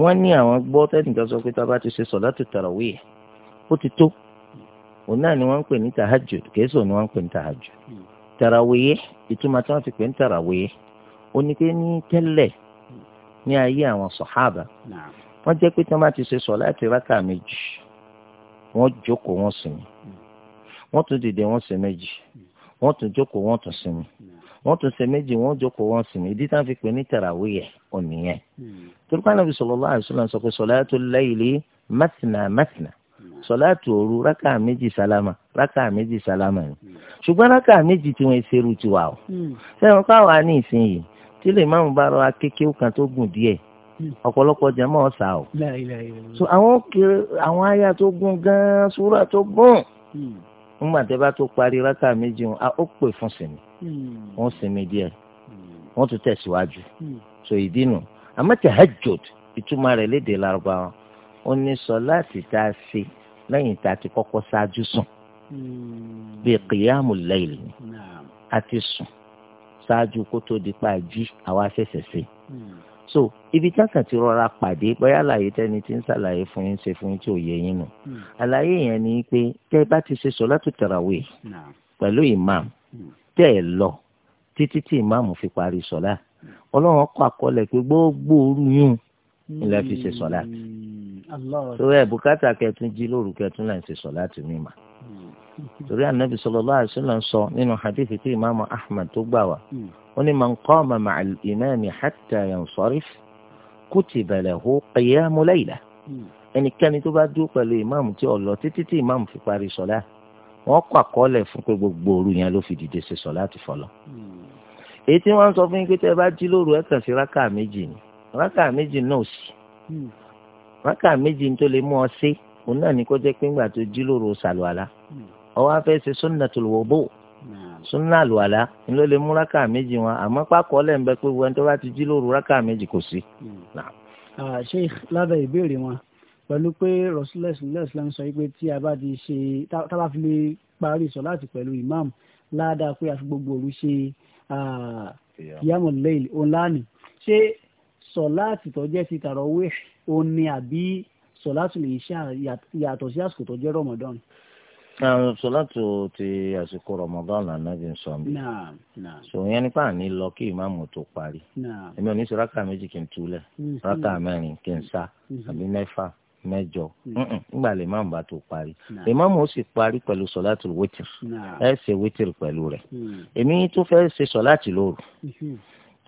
wọ́n ní àwọn gbọ́ tẹ́nìkan sọ pé tá a bá ti ṣe sọ̀látù tarawih ó ti tó òun náà ni wọ́n ń pè ní tahajjud kèésì ni wọ́n ń pè ní tahajjud tarawih ìtumọ̀ tí wọ́n ti pè ní tarawih oníke ní tẹ́lẹ̀ ní ayé àwọn sọ̀hábà wọ́n jẹ́ pé tí wọ́n bá ti ṣe sọ láti rákà méjì wọ́n jókòó wọ́n sinmi wọ́n tún dìde wọ́n ṣe méjì wọ́n tún jókòó wọ́n tún sinmi wọ́n tún ṣe méjì wọ́n jókòó wọ́n sinmi ìdí táwọn fi pè ní tàràwé yẹ ònìyẹn hmm. torí kan Ànábì sallallahu alaihi wasallam sọ pé salatul layli mathna mathna sọláàtù òru rákà méjì sálámà rákà méjì sálámà ni hmm. ṣùgbọ́n rákà méjì tí wọ́n tiwa o sẹ́wọ̀n hmm. káwa ní ìsinyìí tí lè máa ń bá rọ akéké kan tó gùn díẹ̀ hmm. ọ̀pọ̀lọpọ̀ jẹ́mọ́ ọ̀sà o. so àwọn kiri àwọn àyà tó gùn gan-an súrà tó gùn hmm. nígbà tẹ́ bá tó parí rákà méjì wọn ó pè fún sinmi hmm. wọ́n sinmi díẹ̀ wọ́n tún tẹ̀síwájú so ìdí nu àmọ́ tahajjud ìtumọ̀ rẹ̀ léde lárúbáwá ó ní sọ láti tá a ṣe lẹ́yìn tá a ti kọ́kọ́ ṣáájú sùn bíi qiyamul layl ni sùn ṣáájú kó tó di pa jí àwa ṣẹ̀ṣẹ̀ ṣe. Hmm. so ibi tákàn ti rọra pàdé bóyá àlàyé tẹ́ni tí ń ṣàlàyé fún yín ṣe fún yín tí ò yẹ yín nù. Hmm. àlàyé yẹn ni pé tẹ́ ẹ bá ti ṣe sọ̀látù tarawih pẹ̀lú imam hmm. tẹ́ ẹ lọ títí tí imam fi parí sọ̀lá ọlọ́run kọ́ àkọọ́lẹ̀ pé gbogbo òru yún ilẹ̀ fi ṣe sọ̀lá. tó ẹ̀ bùkátà kẹtùn jí lóru kẹtùn láì ṣe sọ̀lá tì mí mà torí anabi sallallahu alaihi wasallam sọ nínú hadithi tí imaamu ahmed tó gbà wá hmm. ó ní man qama ma'al imami hatta yansarif kutiba lahu qiyamu layla hmm. ẹnikẹ́ni tó bá dúró pẹ̀lú ìmáàmù tí ó lọ títí tí ìmáàmù fi parí sọlá wọn kọ àkọọ́lẹ̀ fún pé gbogbo òru yẹn ló fi dìde ṣe sọlá ti fọlọ. Hmm. èyí tí wọ́n ń sọ fún yín pé tẹ́ bá jí lóru ẹ sí rákà méjì ni rákà méjì náà sí rákà méjì tó lè mú ọ sí òun náà ní kó jẹ́ pé ńgbà tó jí lóru ṣàlùwàlá ọwọ́ afẹ́ ṣe sunnatul wudu sunna àlùwàlá ni ló lè mú rákà méjì wọn àmọ́ pákó ọ̀lẹ́ ń bẹ pé wọn tó bá ti jí lóru rákà méjì kò sí. ṣé hmm. lábẹ́ ìbéèrè wọn pẹ̀lú pé Rasulullah sallam sọ pé tí a bá ti ṣe tá fi lè parí sọ láti pẹ̀lú imam ládàá pé a fi gbogbo òru ṣe qiyamul layl ọ̀làní ṣé sọláàtì tó jẹ́ ti tàrọ̀wé òun ni àbí sọláàtì lè ṣe yàtọ̀ sí àsìkò tó jẹ́ Ramadan àwọn sọlátù ti àsìkò Ramadan lànàbí ń sọ mi. sọ yẹn nípa àní lọ kí ìmáàmù tó parí. èmi ò ní sọ rákà méjì kí n túlẹ̀ mm-hmm. rákà mẹ́rin kí n sá mm-hmm. àbí mẹ́fà mẹ́jọ mm-hmm. nígbà lè máàmù bá tó parí. ìmáàmù ó sì parí pẹ̀lú sọlátù wítìr ẹ ṣe wítìr pẹ̀lú rẹ̀. Mm. èmi tó fẹ́ ṣe sọlátù lóru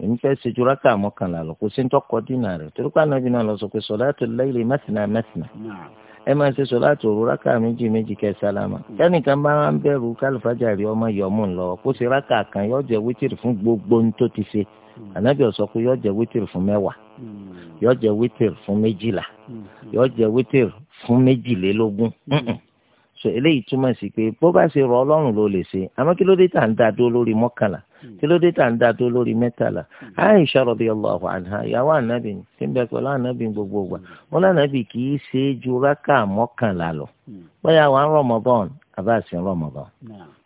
èmi fẹ́ ṣe ju rákà mọ́kànlá lọ kò sí ń tọkọ dínà rẹ̀ torí pé àná ẹ máa ṣe sọ láti òru rákà méjì méjì kẹ́ sálámà tẹnìkan bá ń bẹ̀rù kálífàjà rí ọmọ yọmú lọ kó ṣe kan yóò jẹ wítìrì fún gbogbo ohun tó ti ṣe ànábì ó pé yóò jẹ wítìrì fún jẹ wítìrì fún méjìlá jẹ wítìrì so eléyìí túmọ̀ sí pé bó bá ṣe rọ ọlọ́run ló lè ṣe àmọ́ kí ló kí ló dé tà ń da tó lórí mẹ́tàlá Aisha radiyallahu anha ìyàwó ànábì tí ń bẹ pẹ̀lú ànábì gbogbo ìgbà wọn lànàbì kì í ṣe é ju rákà mọ́kànlá lọ bóyá wà ń Ramadan àbá sí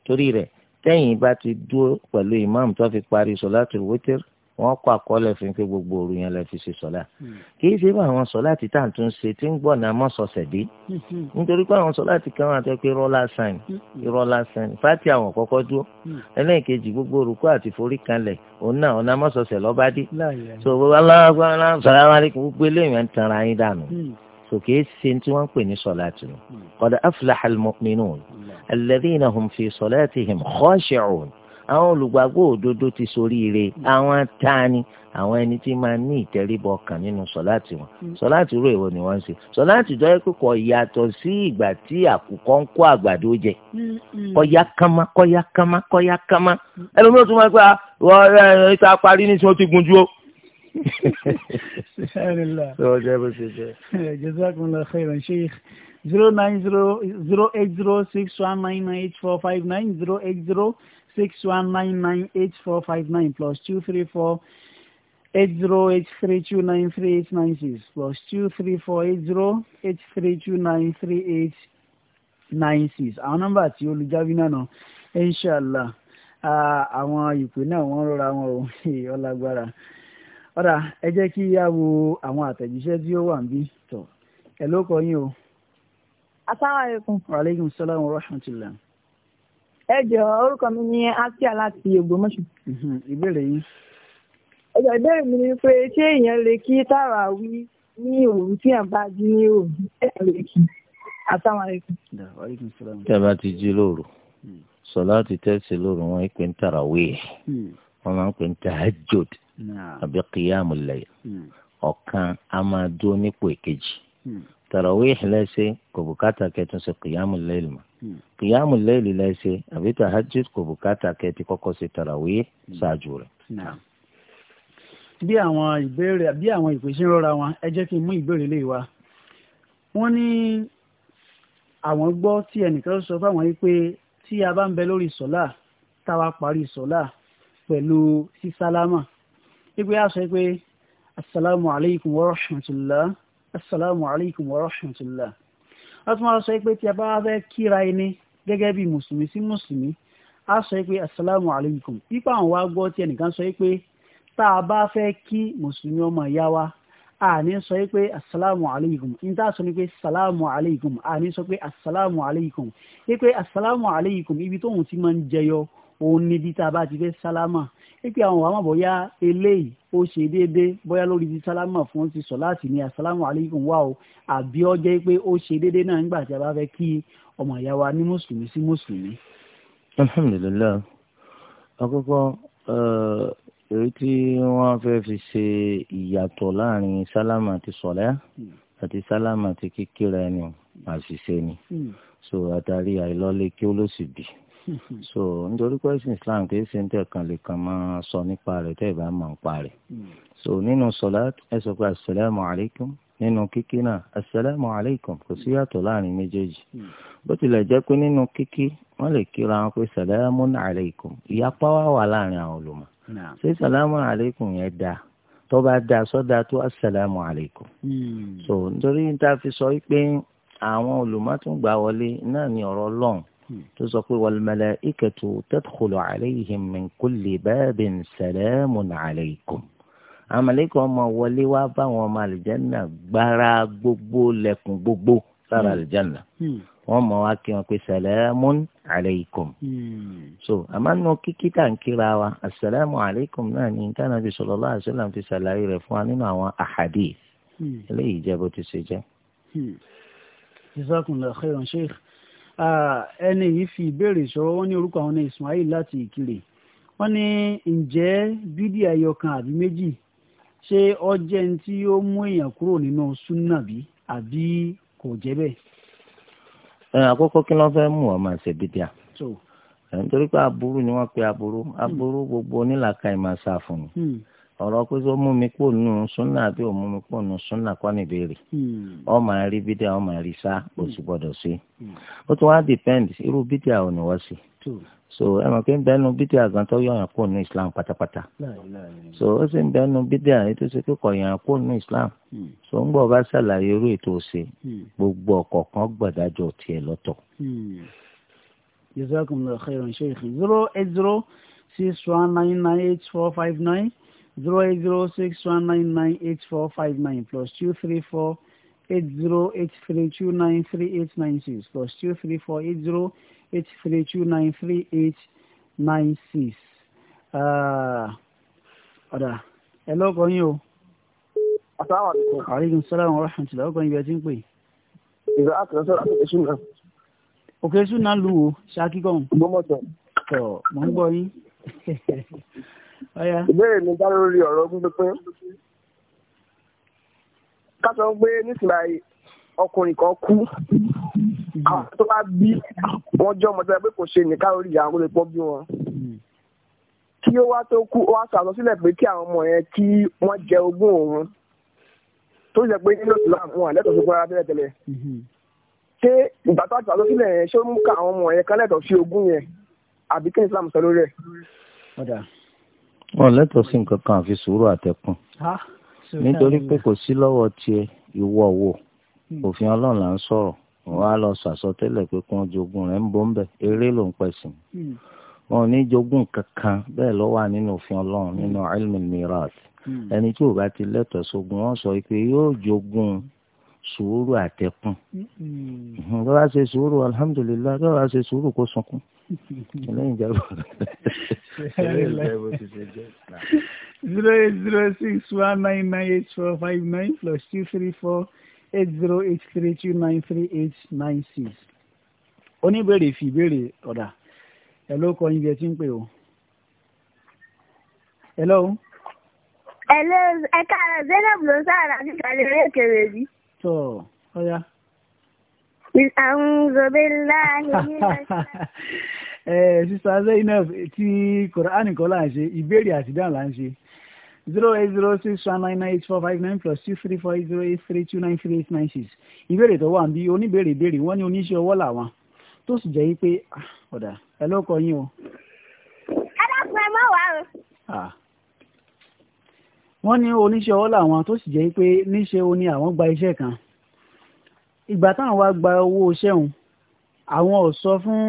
torí rẹ̀ tẹ́yìn bá ti dúró pẹ̀lú ìmáàmù tó fi parí solatul witr wọ́n kọ́ àkọọ́lẹ̀ fún pé gbogbo òru yẹn lè fi ṣe sọ́lá hmm. kì í ṣe bá àwọn sọ́lá ti tà tún ṣe tí ń gbọ́ náà mọ́ sọ̀sẹ̀ dé hmm. nítorí pé àwọn sọ́lá ti kàn án àti pé rọ́lá sàn hmm. rọ́lá sàn fati àwọn kọ́kọ́ dúró ẹlẹ́ẹ̀kejì gbogbo orúkọ àti forí kanlẹ̀ òun náà ọ̀nà mọ́ sọ̀sẹ̀ lọ́ba dé so aláwọ̀ sòkè ṣe tí wọ́n ń pè ní sọ̀láàtì nù qad aflaha al-mu'minun alladhina hum fi salatihim khashi'un àwọn olùgbàgbọ́ òdodo ti soríire àwọn tani àwọn ẹni tí máa ní ìtẹríbọ ọkàn nínú sọláàtì wọn hmm. sọláàtì rò èwo ni wọ́n ń ṣe sọláàtì jọ pé kò yàtọ̀ sí ìgbà tí àkùkọ ń kó àgbàdo jẹ hmm. kọyá kánmá kọyá kánmá kọyá kánmá hmm. ẹlòmíràn tún máa ń pè á wọ́n ẹ ẹ ta parí ní tí wọ́n ti gun jù ó. sheikh zero nine zero zero eight zero six one nine nine eight four five nine zero eight zero six one nine nine eight four five nine plus two three four eight zero eight three two nine three eight nine six plus two three four eight zero eight three two nine three eight nine six àwọn nọ́mbà tí olùjábí náà nà inshàlá àwọn ìpè náà wọ́n rọra wọn ò ọlágbára <laughs> ọ̀dà ẹ jẹ́ kí a wo àwọn àtẹ̀jíṣẹ́ tí ó wà ń bí tọ̀ ẹ̀ ló kọ yín o. asalaamualeykum. waaleykum salaam wa rahmatulah ẹ jọ orúkọ mi ní asia láti Ògbómọ̀ṣọ́. Mhm, ìbéèrè yìí. ọjọ́ ìbéèrè mi ni pé ṣé èèyàn lè kí tàràwí ní òru tí èèyàn bá jí ní òru èèyàn lè kí asámàlẹ́kùn. tí a bá ti jí lóru hmm. sọlá ti tẹ̀sí lóru wọn pè ń tàràwí hmm. wọn máa ń pè ń tahajjud àbí qiyamul layl hmm. ọ̀kan a máa dúró nípò èkejì tarawih lẹ́sẹ̀ kò bùkátà kẹtùn ṣe kìyàmù lẹ́lì mọ́ kìyàmù lẹ́lì lẹ́sẹ̀ àbí tahajjud kò bùkátà kẹtì kọ́kọ́ ṣe tarawih ṣáájú rẹ̀. bí àwọn ìbéèrè bí àwọn ìpèsè rọra wọn ẹ jẹ́ kí n mú ìbéèrè lè wá wọ́n ní àwọn gbọ́ tí ẹnìkan sọ fáwọn yìí pé tí a bá ń bẹ lórí sọ́lá táwa parí sọ́lá pẹ̀lú sísálámà wípé a sọ pé asalaamualeykum wa rahmatulah asalaamu alaykum wa rahmatulah a tún máa sọ pé tí a bá fẹ́ kíra ẹni gẹ́gẹ́ bí mùsùlùmí sí mùsùlùmí a sọ pé asalaamu alaykum pípa àwọn wa gbọ́ tí ẹnìkan sọ pé tá a bá fẹ́ kí mùsùlùmí ọmọ ìyá wa àní sọ pé asalaamu alaykum níta sọ ni pé salaamu alaykum àní sọ pé asalaamu alaykum pé asalaamu alaykum ibi tóun ti máa ń jẹyọ òun níbi tá a bá ti fẹ́ sálámà pé àwọn wàhámà bóyá eléyìí ó ṣe déédéé bóyá lórí ti sálámà fún ti sọ láti ní asàlámù alaykum wa o àbí ó jẹ́ pé ó ṣe déédéé náà nígbà tí a bá fẹ́ kí ọmọ ìyá wa ní mùsùlùmí sí mùsùlùmí. alhamdulilayi àkọ́kọ́ èyí tí wọ́n fẹ́ fi ṣe ìyàtọ̀ láàrin sálámà ti sọ̀lẹ́ àti sálámà ti kíkíra ẹni àṣìṣe ni hmm. so àtàrí àìlọ́lé kí ó ló sì bì. <laughs> so nítorí pé ẹ̀sìn islam kì í ṣe ní tẹ̀kan lè kàn máa sọ nípa rẹ̀ tẹ́ ẹ̀ bá mọ̀ nípa rẹ̀ hmm. so nínú sọlá ẹ sọ pé asalaamu alaykum nínú kíkí náà asalaamu alaykum kò sí yàtọ̀ láàrin méjèèjì hmm. bó tilẹ̀ jẹ́ pé nínú kíkí wọ́n lè kíra wọn pé salaamu alaykum ìyapa wà wà láàrin àwọn olùmọ̀ ṣé salaamu alaykum yẹn dáa tó bá dáa sọ́dà tó asalaamu alaykum hmm. so nítorí níta fi sọ wípé àwọn olùmọ̀ tún gbà wọlé náà ní ọ̀rọ̀ ọlọ́run tó sọ pé wal malaikatu tadkhulu alayhim min kulli babin salamun alaykum àwọn màláíkà ọmọ wọlé wá báwọn ọmọ àlìjánà gbára gbogbo lẹ̀kùn gbogbo lára hmm. àlìjánà hmm. wọn mọ wá kí wọn pé salamun aleikum. Hmm. so àmọ́ nù kíkí tá à ń kíra wa asalaamu aleikum náà ni nǹkan nàbí sallallahu alaihi wasallam fi ṣàlàyé rẹ̀ fún wa nínú àwọn ahadith eléyìí jẹ́ bó ti ṣe jẹ́. jazakumullahu khairan sheikh ẹni yìí fi ìbéèrè sọ̀rọ̀ wọ́n ní orúkọ àwọn ní Ismail láti Ìkirè wọ́n ní ǹjẹ́ bídí ẹyọkan àbí méjì ṣé ọjẹ́ ní tí ó mú èèyàn kúrò nínú súnà bí àbí kò jẹ́ bẹ́ẹ̀. ẹ àkọ́kọ́ kí ló fẹ́ mú ọ máa ṣe bídíà nítorí pé aburú ni wọ́n pe aburú aburú gbogbo onílàkà ìmọ̀ ṣàfùnù. Hmm ọ̀rọ̀ pé ó mú mi pò nù súnà àbí ò mú mi pò nù súnà kọ́ ní ìbéèrè ọ hmm. máa rí bídíà ọ máa rí sá o sì hmm. gbọ́dọ̀ sí hmm. ó tún wá depend irú bídíà ò ní wọ́n sí so ẹ mọ̀ pé ń bẹ́nu bídíà gan tó yọ̀ yàn kó nu islam pátápátá so ó sì ń bẹ́nu bídíà ètò ṣe pé kọ̀ yàn kó nu islam so ń gbọ́ bá ṣàlàyé irú ètò ṣe gbogbo ọ̀kọ̀ọ̀kan gbọ̀dájọ́ tiẹ̀ lọ́tọ̀. jazakumullahu khairan sheikh zero eight zero six one nine nine eight four five nine zero eight zero six one nine nine eight four five nine plus two three four eight zero eight three two nine three eight nine six plus two three four eight zero eight three two nine three eight nine six. Ah, ọ̀dà ẹ lọ́kọ̀ yín o. asalaamualeykum. aleykum salaam wa rahmatulah ọkọ ibi ẹ ti ń pè. ìgbà àkàrà sọ̀rọ̀ àti èṣù náà. òkè èṣù náà lù wò ṣáà kíkọ́. mo mọ̀ sọ. tọ́ mo ń gbọ́ yín. <laughs> ìbéèrè mi dá lórí ọ̀rọ̀ ogún pínpín ká sọ pé nísìnyí ọkùnrin kan kú àwọn hmm. ah, tó bá bí wọn jọ ọmọ tó yẹ pé kò ṣe nìkan lórí ìyá wọn lè pọ bí wọn hmm. kí ó wá tó kú ó wá sọ àsọsílẹ̀ pé kí àwọn ọmọ yẹn kí wọ́n jẹ ogún òun tó jẹ pé nínú ìlú àwọn àlẹ́tọ̀ tó gbára bẹ́ẹ̀ tẹ́lẹ̀ hmm. ṣé ìgbà tó àti àsọsílẹ̀ yẹn ṣé ó mú ká àwọn ọmọ yẹn kan lẹ́tọ̀ sí ogún yẹn àbí kí ni Islam sọ lórí ẹ̀ wọn lẹ́tọ̀ọ́ sí nǹkan kan àfi sùúrù àtẹkùn nítorí pé kò sí lọ́wọ́ tiẹ̀ ìwọ wò hmm. òfin Ọlọ́run là ń sọ̀rọ̀ wọn á lọ sàsọtẹ́lẹ̀ pé kí wọn jogún rẹ̀ ń bọ ń bẹ eré ló ń pẹ̀sìn hmm. wọn ò ní jogún kankan bẹ́ẹ̀ ló wà nínú òfin Ọlọ́run hmm. nínú ilmi mirat ẹni tí ò bá ti lẹ́tọ̀ọ́ sógun wọn sọ pé yóò jogún sùúrù àtẹkùn bí wàá ṣe sùúrù alhamdulilayi bí wàá ṣe sùúrù kó sunkún <laughs> lẹ́yìn ìjábọ̀ <laughs> zero eight zero six one nine nine eight four five nine plus two three four eight zero eight three two nine three eight nine six oníbèrè fi ìbéèrè ọ̀dà ẹ̀ ló kọ ibi ẹ̀ tí ń pè o. hello. hello ẹ̀ka zainab ló ń sára nípa ilé ìkẹrẹ yìí tó ọ̀yá. أعوذ بالله من sísá Zainab tí Kùránì kọ́ là ń ṣe ìbéèrè àti dáhùn là ń ṣe zero eight zero six one nine nine eight four five nine plus two three four eight zero eight three two nine three eight nine six ìbéèrè tó wà ń bí oníbèrè ìbéèrè wọ́n ní oníṣẹ́ ọwọ́ làwọn tó sì jẹ́ pé ah, ọ̀dà ẹ ló yín o. ẹ dákun ẹ mọ wàá o. Ah wọ́n ní oníṣẹ́ ọwọ́ làwọn tó sì jẹ́ pé níṣẹ́ o ní àwọn gba iṣẹ́ kan ìgbà táwọn wá gba owó iṣẹ́ òun àwọn ò sọ fún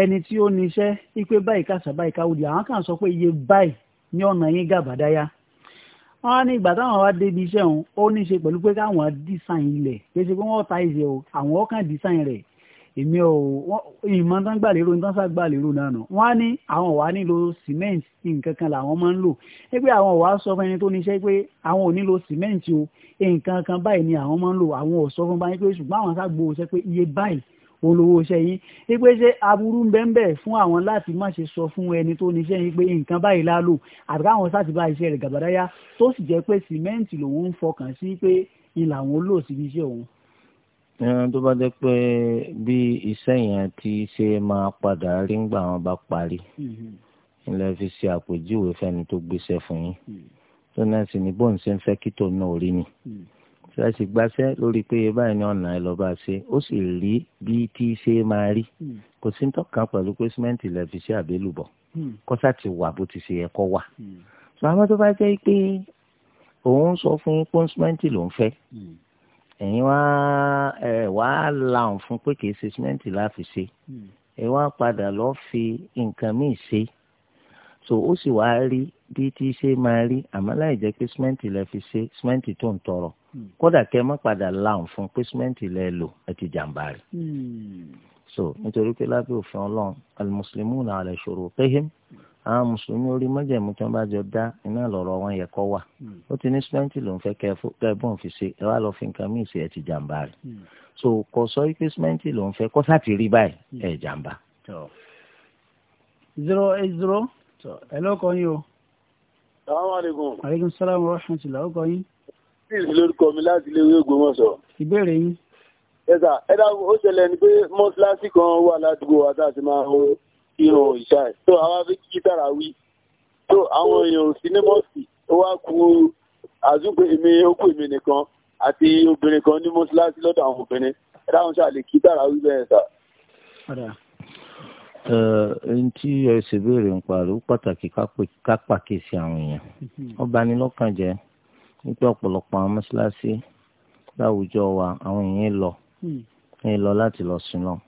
ẹni tí ó níṣẹ́ wípé báyìí kàṣà báyìí káwùdì àwọn kàn sọ pé iye báyìí ní ọ̀nà yín gàbàdáyà wọ́n á ní ìgbà táwọn wá débi iṣẹ́ òun ó níṣe pẹ̀lú pé káwọn dísáìn ilẹ̀ pèsè pé wọ́n ta ìṣe o àwọn ọkàn dísáìn rẹ̀ èmi ò ìmọ̀ tán gbà lérò tán sá gbà lérò náà nù wọ́n á ní àwọn ò wá nílò cement nǹkan kan làwọn máa ń lò ẹ pé àwọn ò wá sọ fún ẹni tó níṣẹ́ pé àwọn ò nílò cement o nǹkan kan báyìí ni àwọn máa ń lò àwọn ò sọ fún báyìí pé ṣùgbọ́n àwọn sá gbowó ṣe pé iye báyìí olówó iṣẹ́ yín wípé ṣé aburú ń bẹ́ẹ̀ bẹ́ẹ̀ fún àwọn láti má ṣe sọ fún ẹni tó níṣẹ́ yín pé nǹkan báyìí lálò àbí káwọn sáà ti bá iṣẹ́ rẹ̀ gàbàdáyà lò síbi iṣẹ́ ẹran tó bá jẹ́ pé bí ìsẹ̀yìn àti ṣe máa padà rí ńgbà wọn bá parí mm-hmm. ilẹ̀ fi ṣe àpèjúwe fẹ́ni tó gbéṣẹ́ fún yín mm-hmm. tó náà sì ní bóun ṣe ń fẹ́ kí tòun náà rí ni ṣe mm-hmm. sì gbaṣẹ́ lórí pé báyìí ni ọ̀nà ẹ lọ bá ṣe ó sì rí bí tí ṣe máa rí kò sí tọ́kàn pẹ̀lú pé símẹ́ǹtì ilẹ̀ fi ṣe àbélùbọ̀ kọ́sà ti wà bó ti ṣe yẹ kó wà. sọ àwọn tó bá jẹ́ pé òun sọ fún pọ́ńsímẹ́ǹtì lòún fẹ́ ẹ̀yin wá ẹ̀ wá làwọn fún pé kì í ṣe símẹ́ǹtì láfi ṣe hmm. ẹ wá padà lọ fi nǹkan míì ṣe so ó sì wá rí bí tí ṣe máa rí àmọ́ láì jẹ́ pé símẹ́ǹtì lẹ fi ṣe símẹ́ǹtì tó ń tọrọ hmm. kódà kẹ́ ẹ má padà làwọn fún pé símẹ́ǹtì lẹ lò ẹ ti jàǹbá rẹ̀ hmm. so nítorí pé lábẹ́ òfin ọlọ́run alimuslimu náà lè ṣòro péhìm àwọn mùsùlùmí orí mọ́jẹ̀mú tí wọ́n bá jọ dá iná lọ́rọ̀ wọn yẹ kọ́ wà hmm. ó ti ní sìmẹ́ǹtì ló ń fẹ́ kẹ́ẹ̀bùn fi ṣe ẹ wá lọ fi nǹkan míì ṣe ẹ ti jàǹbá rẹ̀ hmm. so kò sọ pé sìmẹ́ǹtì ló ń fẹ́ kọ́ sáà ti rí báyìí hmm. ẹ jàǹbá. zero eight zero ẹ lọ́kọ̀ yín o. salaamaleykum. aleykum salaam wa rahmatulah ọkọ̀ yín. bí ìlú lórúkọ mi láti ilé ìwé Ògbómọ̀ṣọ́. ìbéèrè yín. ẹ ìrùn ìṣá so tó àwọn afẹ́kí dára wí tó àwọn èèyàn sí ní mọ́ọ̀sì ó wá ku àzúgbò èmi ó kù èmi nìkan àti obìnrin kan ní mọ́ṣáláṣí lọ́dọ̀ àwọn obìnrin ẹ̀dá àwọn ṣáà lè kí dára wí bẹ́ẹ̀ sà. ẹni tí ẹ ṣèbéèrè ń pariwo pàtàkì ká pàkíyèsí àwọn èèyàn mhm. ó bani lọ́kàn jẹ́ nípa ọ̀pọ̀lọpọ̀ àwọn mọ́ṣáláṣí láwùjọ wa àwọn èèyàn lọ èèyàn hmm. lọ láti lọ sùn náà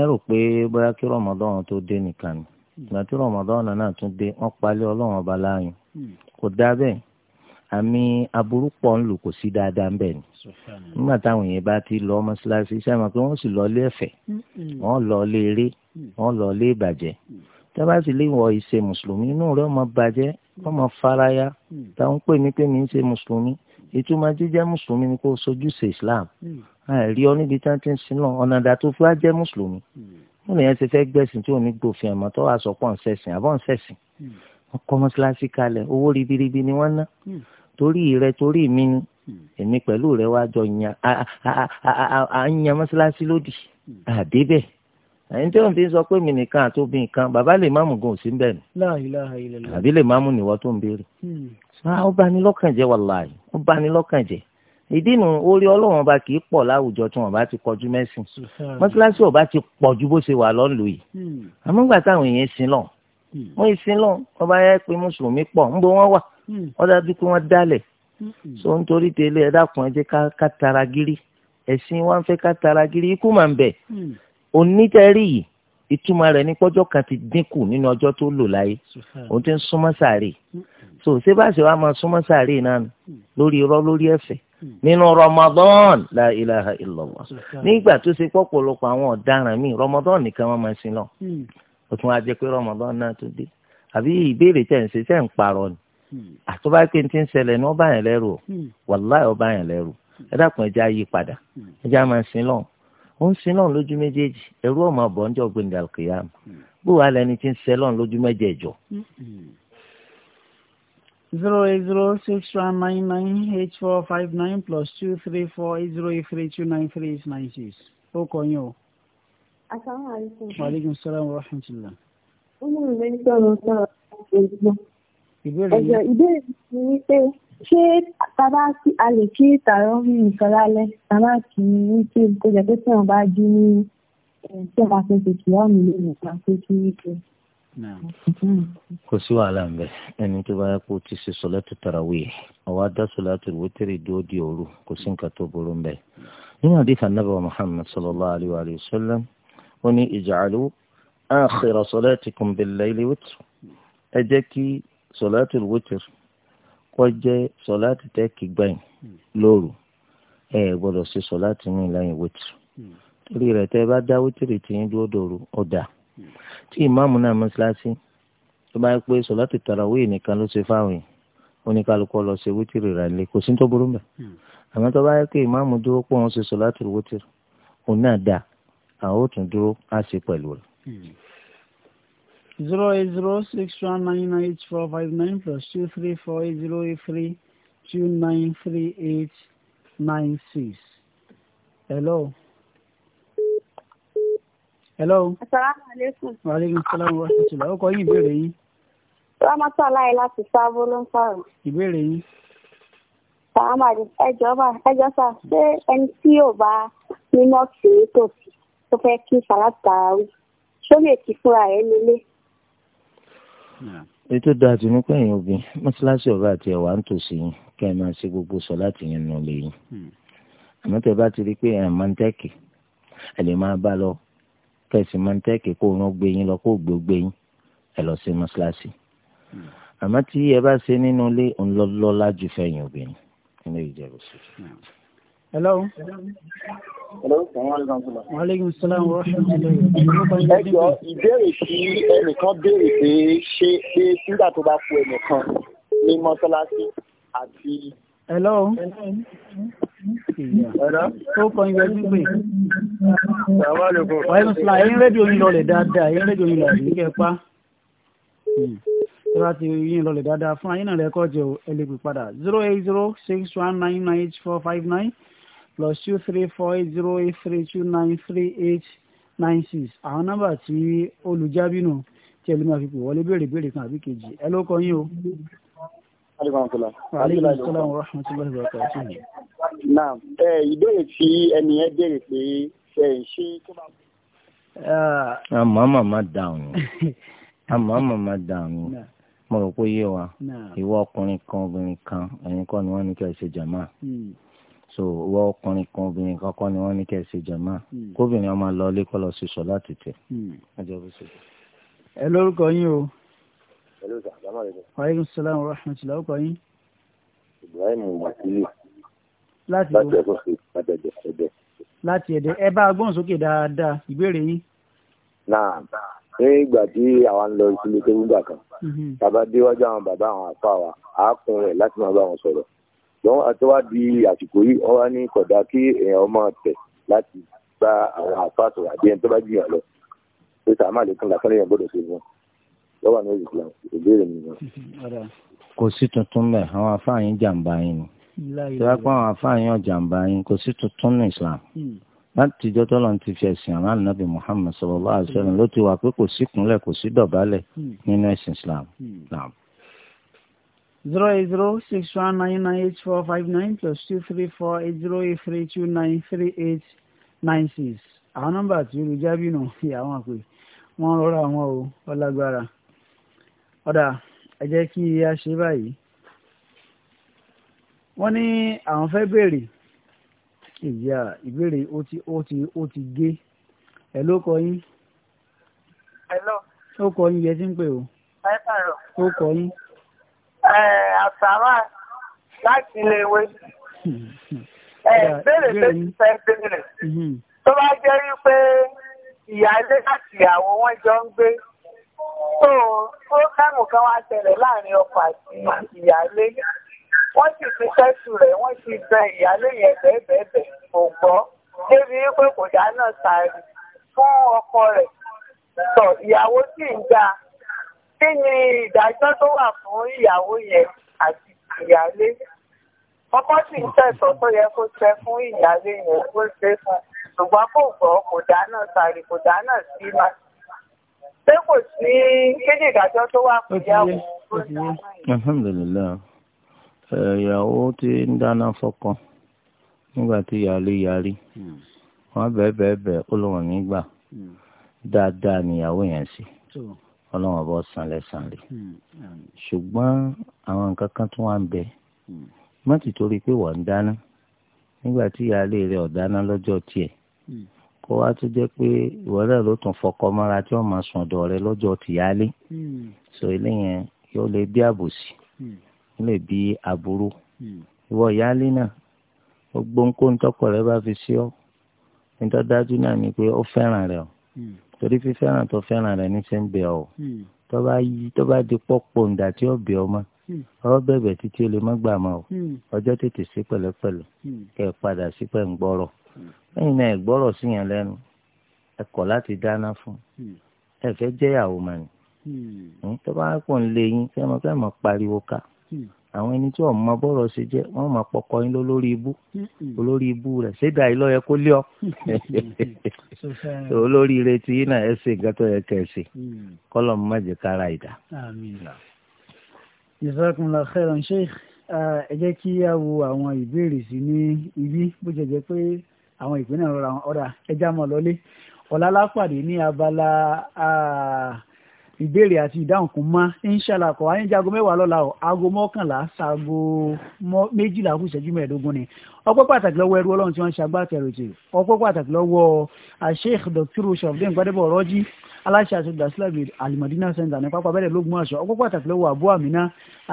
ẹ rò pé bóyá kí rọmọdọ́n tó dé nìkan ni ìgbà tí rọmọdọ́n náà tún dé wọ́n palẹ̀ ọlọ́run ọba láàyàn kò dá bẹ́ẹ̀ àmì aburú pọ̀ ń lò kò sí dáadáa ń bẹ̀ ni nígbà táwọn èèyàn bá ti lọ mọ́ṣáláṣí sẹ́wọ̀n pé wọ́n sì lọ ilé ẹ̀fẹ̀ wọ́n lọ ilé eré mm. wọ́n lọ ilé ìbàjẹ́ mm. tábà sì lè wọ ìṣe mùsùlùmí inú rẹ̀ ọmọ bàjẹ́ ọmọ faraya mm. táwọn pè mí pé mi ń ṣe mùsùlùmí ìtumọ̀ jíjẹ́ mùsùlùmí ni kó o sojú ṣe islam àìrí hmm. ọ níbi tí wọ́n ti ń sin náà ọ̀nà ìdá tó fi wá jẹ́ mùsùlùmí hmm. wọn lè yẹn ti fẹ́ gbẹ̀sìn tí ò ní gbòfin ẹ̀mọ́ tó wàá sọ pọ̀ ń ṣẹ̀sìn àbọ̀ ń ṣẹ̀sìn hmm. wọn kọ́ mọ́ṣáláṣí kalẹ̀ owó ribiribi ni wọ́n ná torí rẹ torí mi ni èmi pẹ̀lú rẹ wá jọ yan mọ́ṣáláṣí lódì àdébẹ̀ ẹni tí wọn fi sọ pé mi nìkan àti obìnrin kan bàbá lè máàmù gan òsín bẹ́ẹ̀ ni àbí lè máàmù níwọ tó ń béèrè hmm. ó bà ní lọ́kàn jẹ́ wàláì ó bà ní lọ́kàn jẹ́ ìdí nu orí ọlọ́run ọba kì í pọ̀ láwùjọ tí wọn bá ti kọjú mẹ́sìn mọ́sálásí ọba ti pọ̀ ju bó ṣe wà lọ́nlù yìí hmm. àmọ́ gbà táwọn èèyàn sin lọ hmm. wọ́n yìí sin lọ wọ́n bá yẹ pé mùsùlùmí pọ̀ ń bọ wà wọ́n dájú pé wọ́n dálẹ̀ so nítorí tẹ́lẹ̀ ẹ dákun jẹ́ ká tara gírí ẹ̀sìn wa fẹ́ ká tara gírí ikú máa ń bẹ onítẹ̀rí yìí ìtumọ̀ rẹ̀ ní pọ́jọ́ kan ti dínkù nínú ọjọ́ tó lò láyé òun ti ń súnmọ́ sàárè mm-hmm. so sébàṣẹ wa máa súnmọ́ sàárè náà mm-hmm. lórí irọ́ lórí ẹ̀fẹ̀ mm-hmm. nínú Ramadan la ilaha illallah nígbà tó ṣe pọ̀pọ̀lọpọ̀ àwọn ọ̀daràn míì Ramadan nìkan wọ́n máa ń sin lọ òtún wa jẹ́ pé Ramadan náà tó dé àbí ìbéèrè tẹ̀ ń ṣe tẹ̀ ń parọ́ ni àtúbá pé ti ń ṣẹlẹ̀ ní ọba yẹn lẹ́rù wàláì ọba yẹn lẹ́rù ẹ dákun ẹ jẹ́ àyípadà ẹ jẹ́ àmà sin lọ́wọ́ ó ń sin náà lójú méjèèjì ẹ̀rú ọmọ àbọ̀ ń jọ gbẹ̀ndẹ̀ àlùkìyàm bó wàá lẹni tí ń sẹ́ lọ́n lójú mẹ́jẹ̀ẹ̀jọ. zero eight zero six one nine nine eight four five nine plus two three four eight zero eight three two nine three eight nine six ó kọ yín o. asalaamualeykum. maaleykum salaam wa rahmatulah. ọmọ mi ń sọ̀rọ̀ sọ̀rọ̀ ìbéèrè yìí. ṣé bá sí a lè kí tààrọ́ ní ìsọ̀lálẹ́ tá bá kì í ní kí kó jẹ́ pé tí bá jí ní tí wọ́n bá fẹ́ ṣe kì wọ́n lè mọ̀ pa pé kí wípé. Hmm. kò sí wàhálà ń bẹ ẹni tó bá yẹ kó ti ṣe sọlẹ́tù tarawih ọwọ́ adásọ̀lẹ́tù wítìrì dúró di òru kò sí nǹkan tó burú ń bẹ. nínú àdìsá nàbà Muhammad sallallahu alayhi wa sallam ó ní ij'alu akhira salatikum bil-layli witr ẹ jẹ́ kí sọlẹ́tù wítìrì kó jẹ́ sọ̀láàtì tẹ́ kí gbẹ̀yìn hmm. lóru ẹ gbọ́dọ̀ ṣe sọ̀láàtì ní ìlànà wítìrì hmm. torí rẹ̀ tẹ́ bá dá wítìrì tí ń dúró dòru ọ̀dà hmm. tí ìmáàmù náà mọ́ṣáláṣí tó bá yẹ pé sọ̀láàtì tàràwíì nìkan ló ṣe fáwọn yìí oníkálukú lọ ṣe wítìrì rẹ̀ lé kò sí tó burú mẹ́ àmọ́ tó bá yẹ pé ìmáàmù dúró pé wọ́n ṣe sọ̀láàtì wítìrì òun náà dà àwọn ò tún dúró á ṣe pẹ̀lú rẹ̀ zero eight zero six one nine nine eight four five nine plus two three four eight zero eight three two nine three eight nine six. hello. hello. asalaamualeykum. waaleykum salaam wa rahmatulah ọkọ yín ìbéèrè yín. rámọ́tò aláì láti sábó ló ń sọ̀rọ̀. ìbéèrè yín. sàmàdì ẹjọ́ bá ẹjọ́ sà ṣé ẹni tí yóò bá ní mọ́ọ̀kì nítòsí tó fẹ́ kí sàlátà wí ṣó lè kí fúnra ẹ̀ nílé ètò dájú ní pé èèyàn obìn mọ́ṣáláṣí ọba àti ẹ̀wà ń tòsí yín kí ẹ máa ṣe gbogbo sọ láti yẹn nù lè yín hmm. àmọ́ tẹ bá ti rí pé ẹ̀ máa ń tẹ́kì ẹ̀ lè máa bá lọ kẹ̀sì máa ń tẹ́kì kó rán gbé yín lọ kó gbó gbé yín ẹ̀ lọ sí mọ́ṣáláṣí hmm. àmọ́ tí ẹ bá ṣe nínú ilé ńlọ́lọ́lá ju fẹ̀yìn obìnrin nínú ìjẹ́bù hello. hello salaam aleykum salaam. maaleykum salaam wa rahmatulahi. ẹ jọ ìbéèrè sí ẹnìkan béèrè pé ṣé pé nígbà tó bá kú ẹnìkan ní mọ́ṣáláṣí àti. hello. ó kọ ìwé gbígbé. salaam aleykum. wa aleykum salaam ẹ̀yin rédíò yín lọlẹ̀ dáadáa ẹ̀yin rédíò yín lọlẹ̀ ní kẹfà tó bá ti yín lọlẹ̀ dáadáa fún ayé náà rẹ́kọ̀dì ẹ̀ lè pè padà zero eight zero six one nine nine eight four five nine plus two three four eight zero eight three two nine three eight nine six àwọn nọ́mbà tí olùjábí nù tí ẹ lè máa fi pè wọlé béèrè béèrè kan àbí kejì ẹ ló kọ yín o. aleykum salaam wa rahmatulahi wa barakatuh. naam ìbéèrè tí ẹni ẹ béèrè pé ṣe ń ṣe tó bá. àmọ́ màmá dáhùn àmọ́ màmá dáhùn mo rò pé yé wa ìwọ ọkùnrin kan obìnrin kan ẹ̀yin kọ́ ni wọ́n ní kí ẹ ṣe jàmáà. Hmm so wọ ọkùnrin kan obìnrin kan kọ́ ni wọ́n ní kẹ́ ẹ ṣe jàmá hmm. kóbìnrin ọmọ lọ ilé kọ́ lọ sí sọ láti tẹ̀. Hmm. ẹ lórúkọ yín o. hello sir salaam aleykum. aleykum salaam wa rahmatulah ọkọ yín. ibrahim wakili. láti o láti ẹ̀dẹ̀ ẹ̀dẹ̀. láti ẹ̀dẹ̀ ẹ bá agbóhùn sókè dáadáa ìbéèrè yín. náà ní ìgbà tí àwa ń lọ sílé tó ń gbà kan bàbá hmm. déwájú àwọn bàbá àwọn àfa wa àákùn rẹ̀ láti máa bá wọn sọ̀rọ̀ ṣùgbọ́n àtiwádì àsìkò yìí wọ́n wá ní kódà kí èèyàn máa tẹ̀ láti gba àwọn àfáàtò àbí ẹni tó bá jiyàn lọ pé sàmà lẹ́kàn làkàn lèèyàn gbọ́dọ̀ ṣe wọn lọ́wọ́ àwọn ìsìlám ìbéèrè mi wọn. kò sí tuntun bẹ́ẹ̀ àwọn afáàyàn jàǹbá yín ni tí wọ́n pa àwọn afáàyàn jàǹbá yín kò sí tuntun ní islam hmm. láti ìjọ tó lọ́n ti fi ẹ̀sìn àwọn ànábì muhammed sallallahu alaihi wasallam ló ti wà pé kò sí kúnlẹ̀ kò sí dọ̀bálẹ̀ hmm. nínú ẹ̀sìn islam. Hmm zero eight zero six one nine nine eight four five nine plus two three four eight zero eight three two nine three eight nine six àwọn nọ́mbà tí olùjábí nù fi àwọn àpè wọn rọra àwọn o ọlágbára ọ̀dà ẹ jẹ́ kí a ṣe báyìí wọ́n ní àwọn fẹ́ béèrè ìyá ìbéèrè ó ti ó ti ó ti gé ẹ ló kọ yín. ẹ lọ. ó kọ yín yẹ tí ń pè o. ẹ kàrọ. ó kọ yín àṣàrà láti ilé ìwé. Béèrè pé ti fẹ́ béèrè. Tó bá jẹ́ wípé ìyáálé àti ìyàwó wọn jọ ń gbé. Tó fúrógámù kan wá ṣẹlẹ̀ láàrin ọkọ àti ìyáálé. Wọ́n sì fi sẹ́sù rẹ̀, wọ́n sì bẹ ìyáálé yẹn bẹ́ẹ̀bẹ́ẹ̀bẹ̀ kò gbọ́. Débi wípé kò dáná sáré fún ọkọ rẹ̀. Sọ ìyàwó sì ń dáa. Kí ni ìdájọ́ tó wà fún ìyàwó yẹn àti ìyálé? Ọkọ sì ń tẹ̀sọ́ tó yẹ kó ṣe fún ìyálé yẹn kó ṣe fún ṣùgbọ́n kò gbọ́ kò dáná sàrí kò dáná sí ma. Ṣé kò sí kí ni ìdájọ́ tó wà fún ìyàwó? Alhamdulilayi, ìyàwó ti ń dáná fọ́kọ nígbà tí ìyálé yarí, hmm. wọ́n bẹ̀ẹ̀ bẹ̀ẹ̀ bẹ̀ẹ̀ ó lóun nígbà hmm. dáadáa nìyàwó yẹn sí ọlọ́run ọba ọ̀sán lẹ́sàn rẹ̀ hmm, hmm. ṣùgbọ́n àwọn nǹkan kan tún wà ń bẹ hmm. má ti torí pé wọ́n ń dáná nígbà tí ìyáálé rẹ̀ ò dáná lọ́jọ́ tiẹ̀ kó wá tó jẹ́ pé ìwọ náà ló tún fọkọ mọ́ra tí wọ́n máa sùn ọ̀dọ̀ rẹ̀ lọ́jọ́ tìyáálé sọ eléyẹn yóò lè bí àbòsí ó lè bí aburú ìwọ ìyáálé náà ó gbóńkó ń tọkọ rẹ bá fi sí ọ nítorí dájú náà ni pé ó fẹ́ràn rẹ o torí fífẹ́ràn tó fẹ́ràn rẹ̀ ní ṣe ń bẹ̀ ọ́ hmm. tó bá di pọ́pọ́ ǹdà tí ó bẹ̀ ọ́ mọ́ hmm. ọ bẹ̀bẹ̀ títí o lè má gbà mọ́ ọ hmm. ọjọ́ tètè sí pẹ̀lẹ́pẹ̀lẹ́ kẹ́ ẹ padà sí pẹ̀ ń gbọ́rọ̀ lẹ́yìn náà ẹ gbọ́rọ̀ sí yẹn lẹ́nu ẹ kọ̀ láti dáná fún ẹ fẹ́ jẹ́yàwó mọ̀ ni tó bá pọ̀ ń lé yín fẹ́ mọ́ fẹ́ mọ́ pariwo ká àwọn ẹni tí wọn mọ bọrọ ṣe jẹ wọn máa pọkọ yín lórí ibú olórí ibú rẹ ṣéda yìí lọyẹ kó lé ọ <laughs> olórí ire tí yín náà ẹ ṣe nǹkan tó yẹ kẹ ẹ ṣe mm. kọlọ mọ jẹ kára ìdá. ìsọkùnlá khairan sheikh ẹ jẹ́ kí a wo àwọn ìbéèrè sí ní ibi bó ṣe jẹ́ pé àwọn ìpínlẹ̀ ọ̀rọ̀ ọ̀dà ẹja mọ̀ lọ́lé ọ̀la ní abala. Uh, ìbéèrè àti ìdáhùn kún mọ́ inṣàlá kọ́ ayé jago mẹ́wàá lọ́la o aago mọ́kànlá sago méjìlá kù ìṣẹ́jú mẹ́ẹ̀ẹ́dógún ni ọpẹ́ pàtàkì lọ́wọ́ ẹrú ọlọ́run tí wọ́n ń ṣagbátẹrù ètò ọpẹ́ pàtàkì lọ́wọ́ Sheikh Dr. Sharafdeen Gbadebo Rọ́jí aláṣẹ àti olùdásílẹ̀ Al-Madina Center ní pápá abẹ́rẹ́ lógún àṣọ ọpẹ́ pàtàkì lọ́wọ́ Abu Amina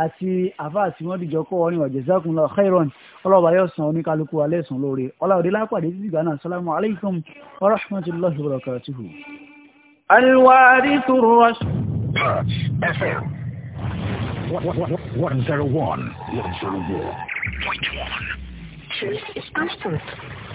àti afa àti wọn dìjọ kọ́ wọn ni jazakumullahu khairan ọlọ́ọ̀bá yóò san oníkálukú alẹ́ sùn lóore ọlọ́ọ̀dẹ́lápàdé títí gánà assalamu alaikum warahmatullahi wabarakatuhu. الوارث الرشيد Patch FM 101 101 101.1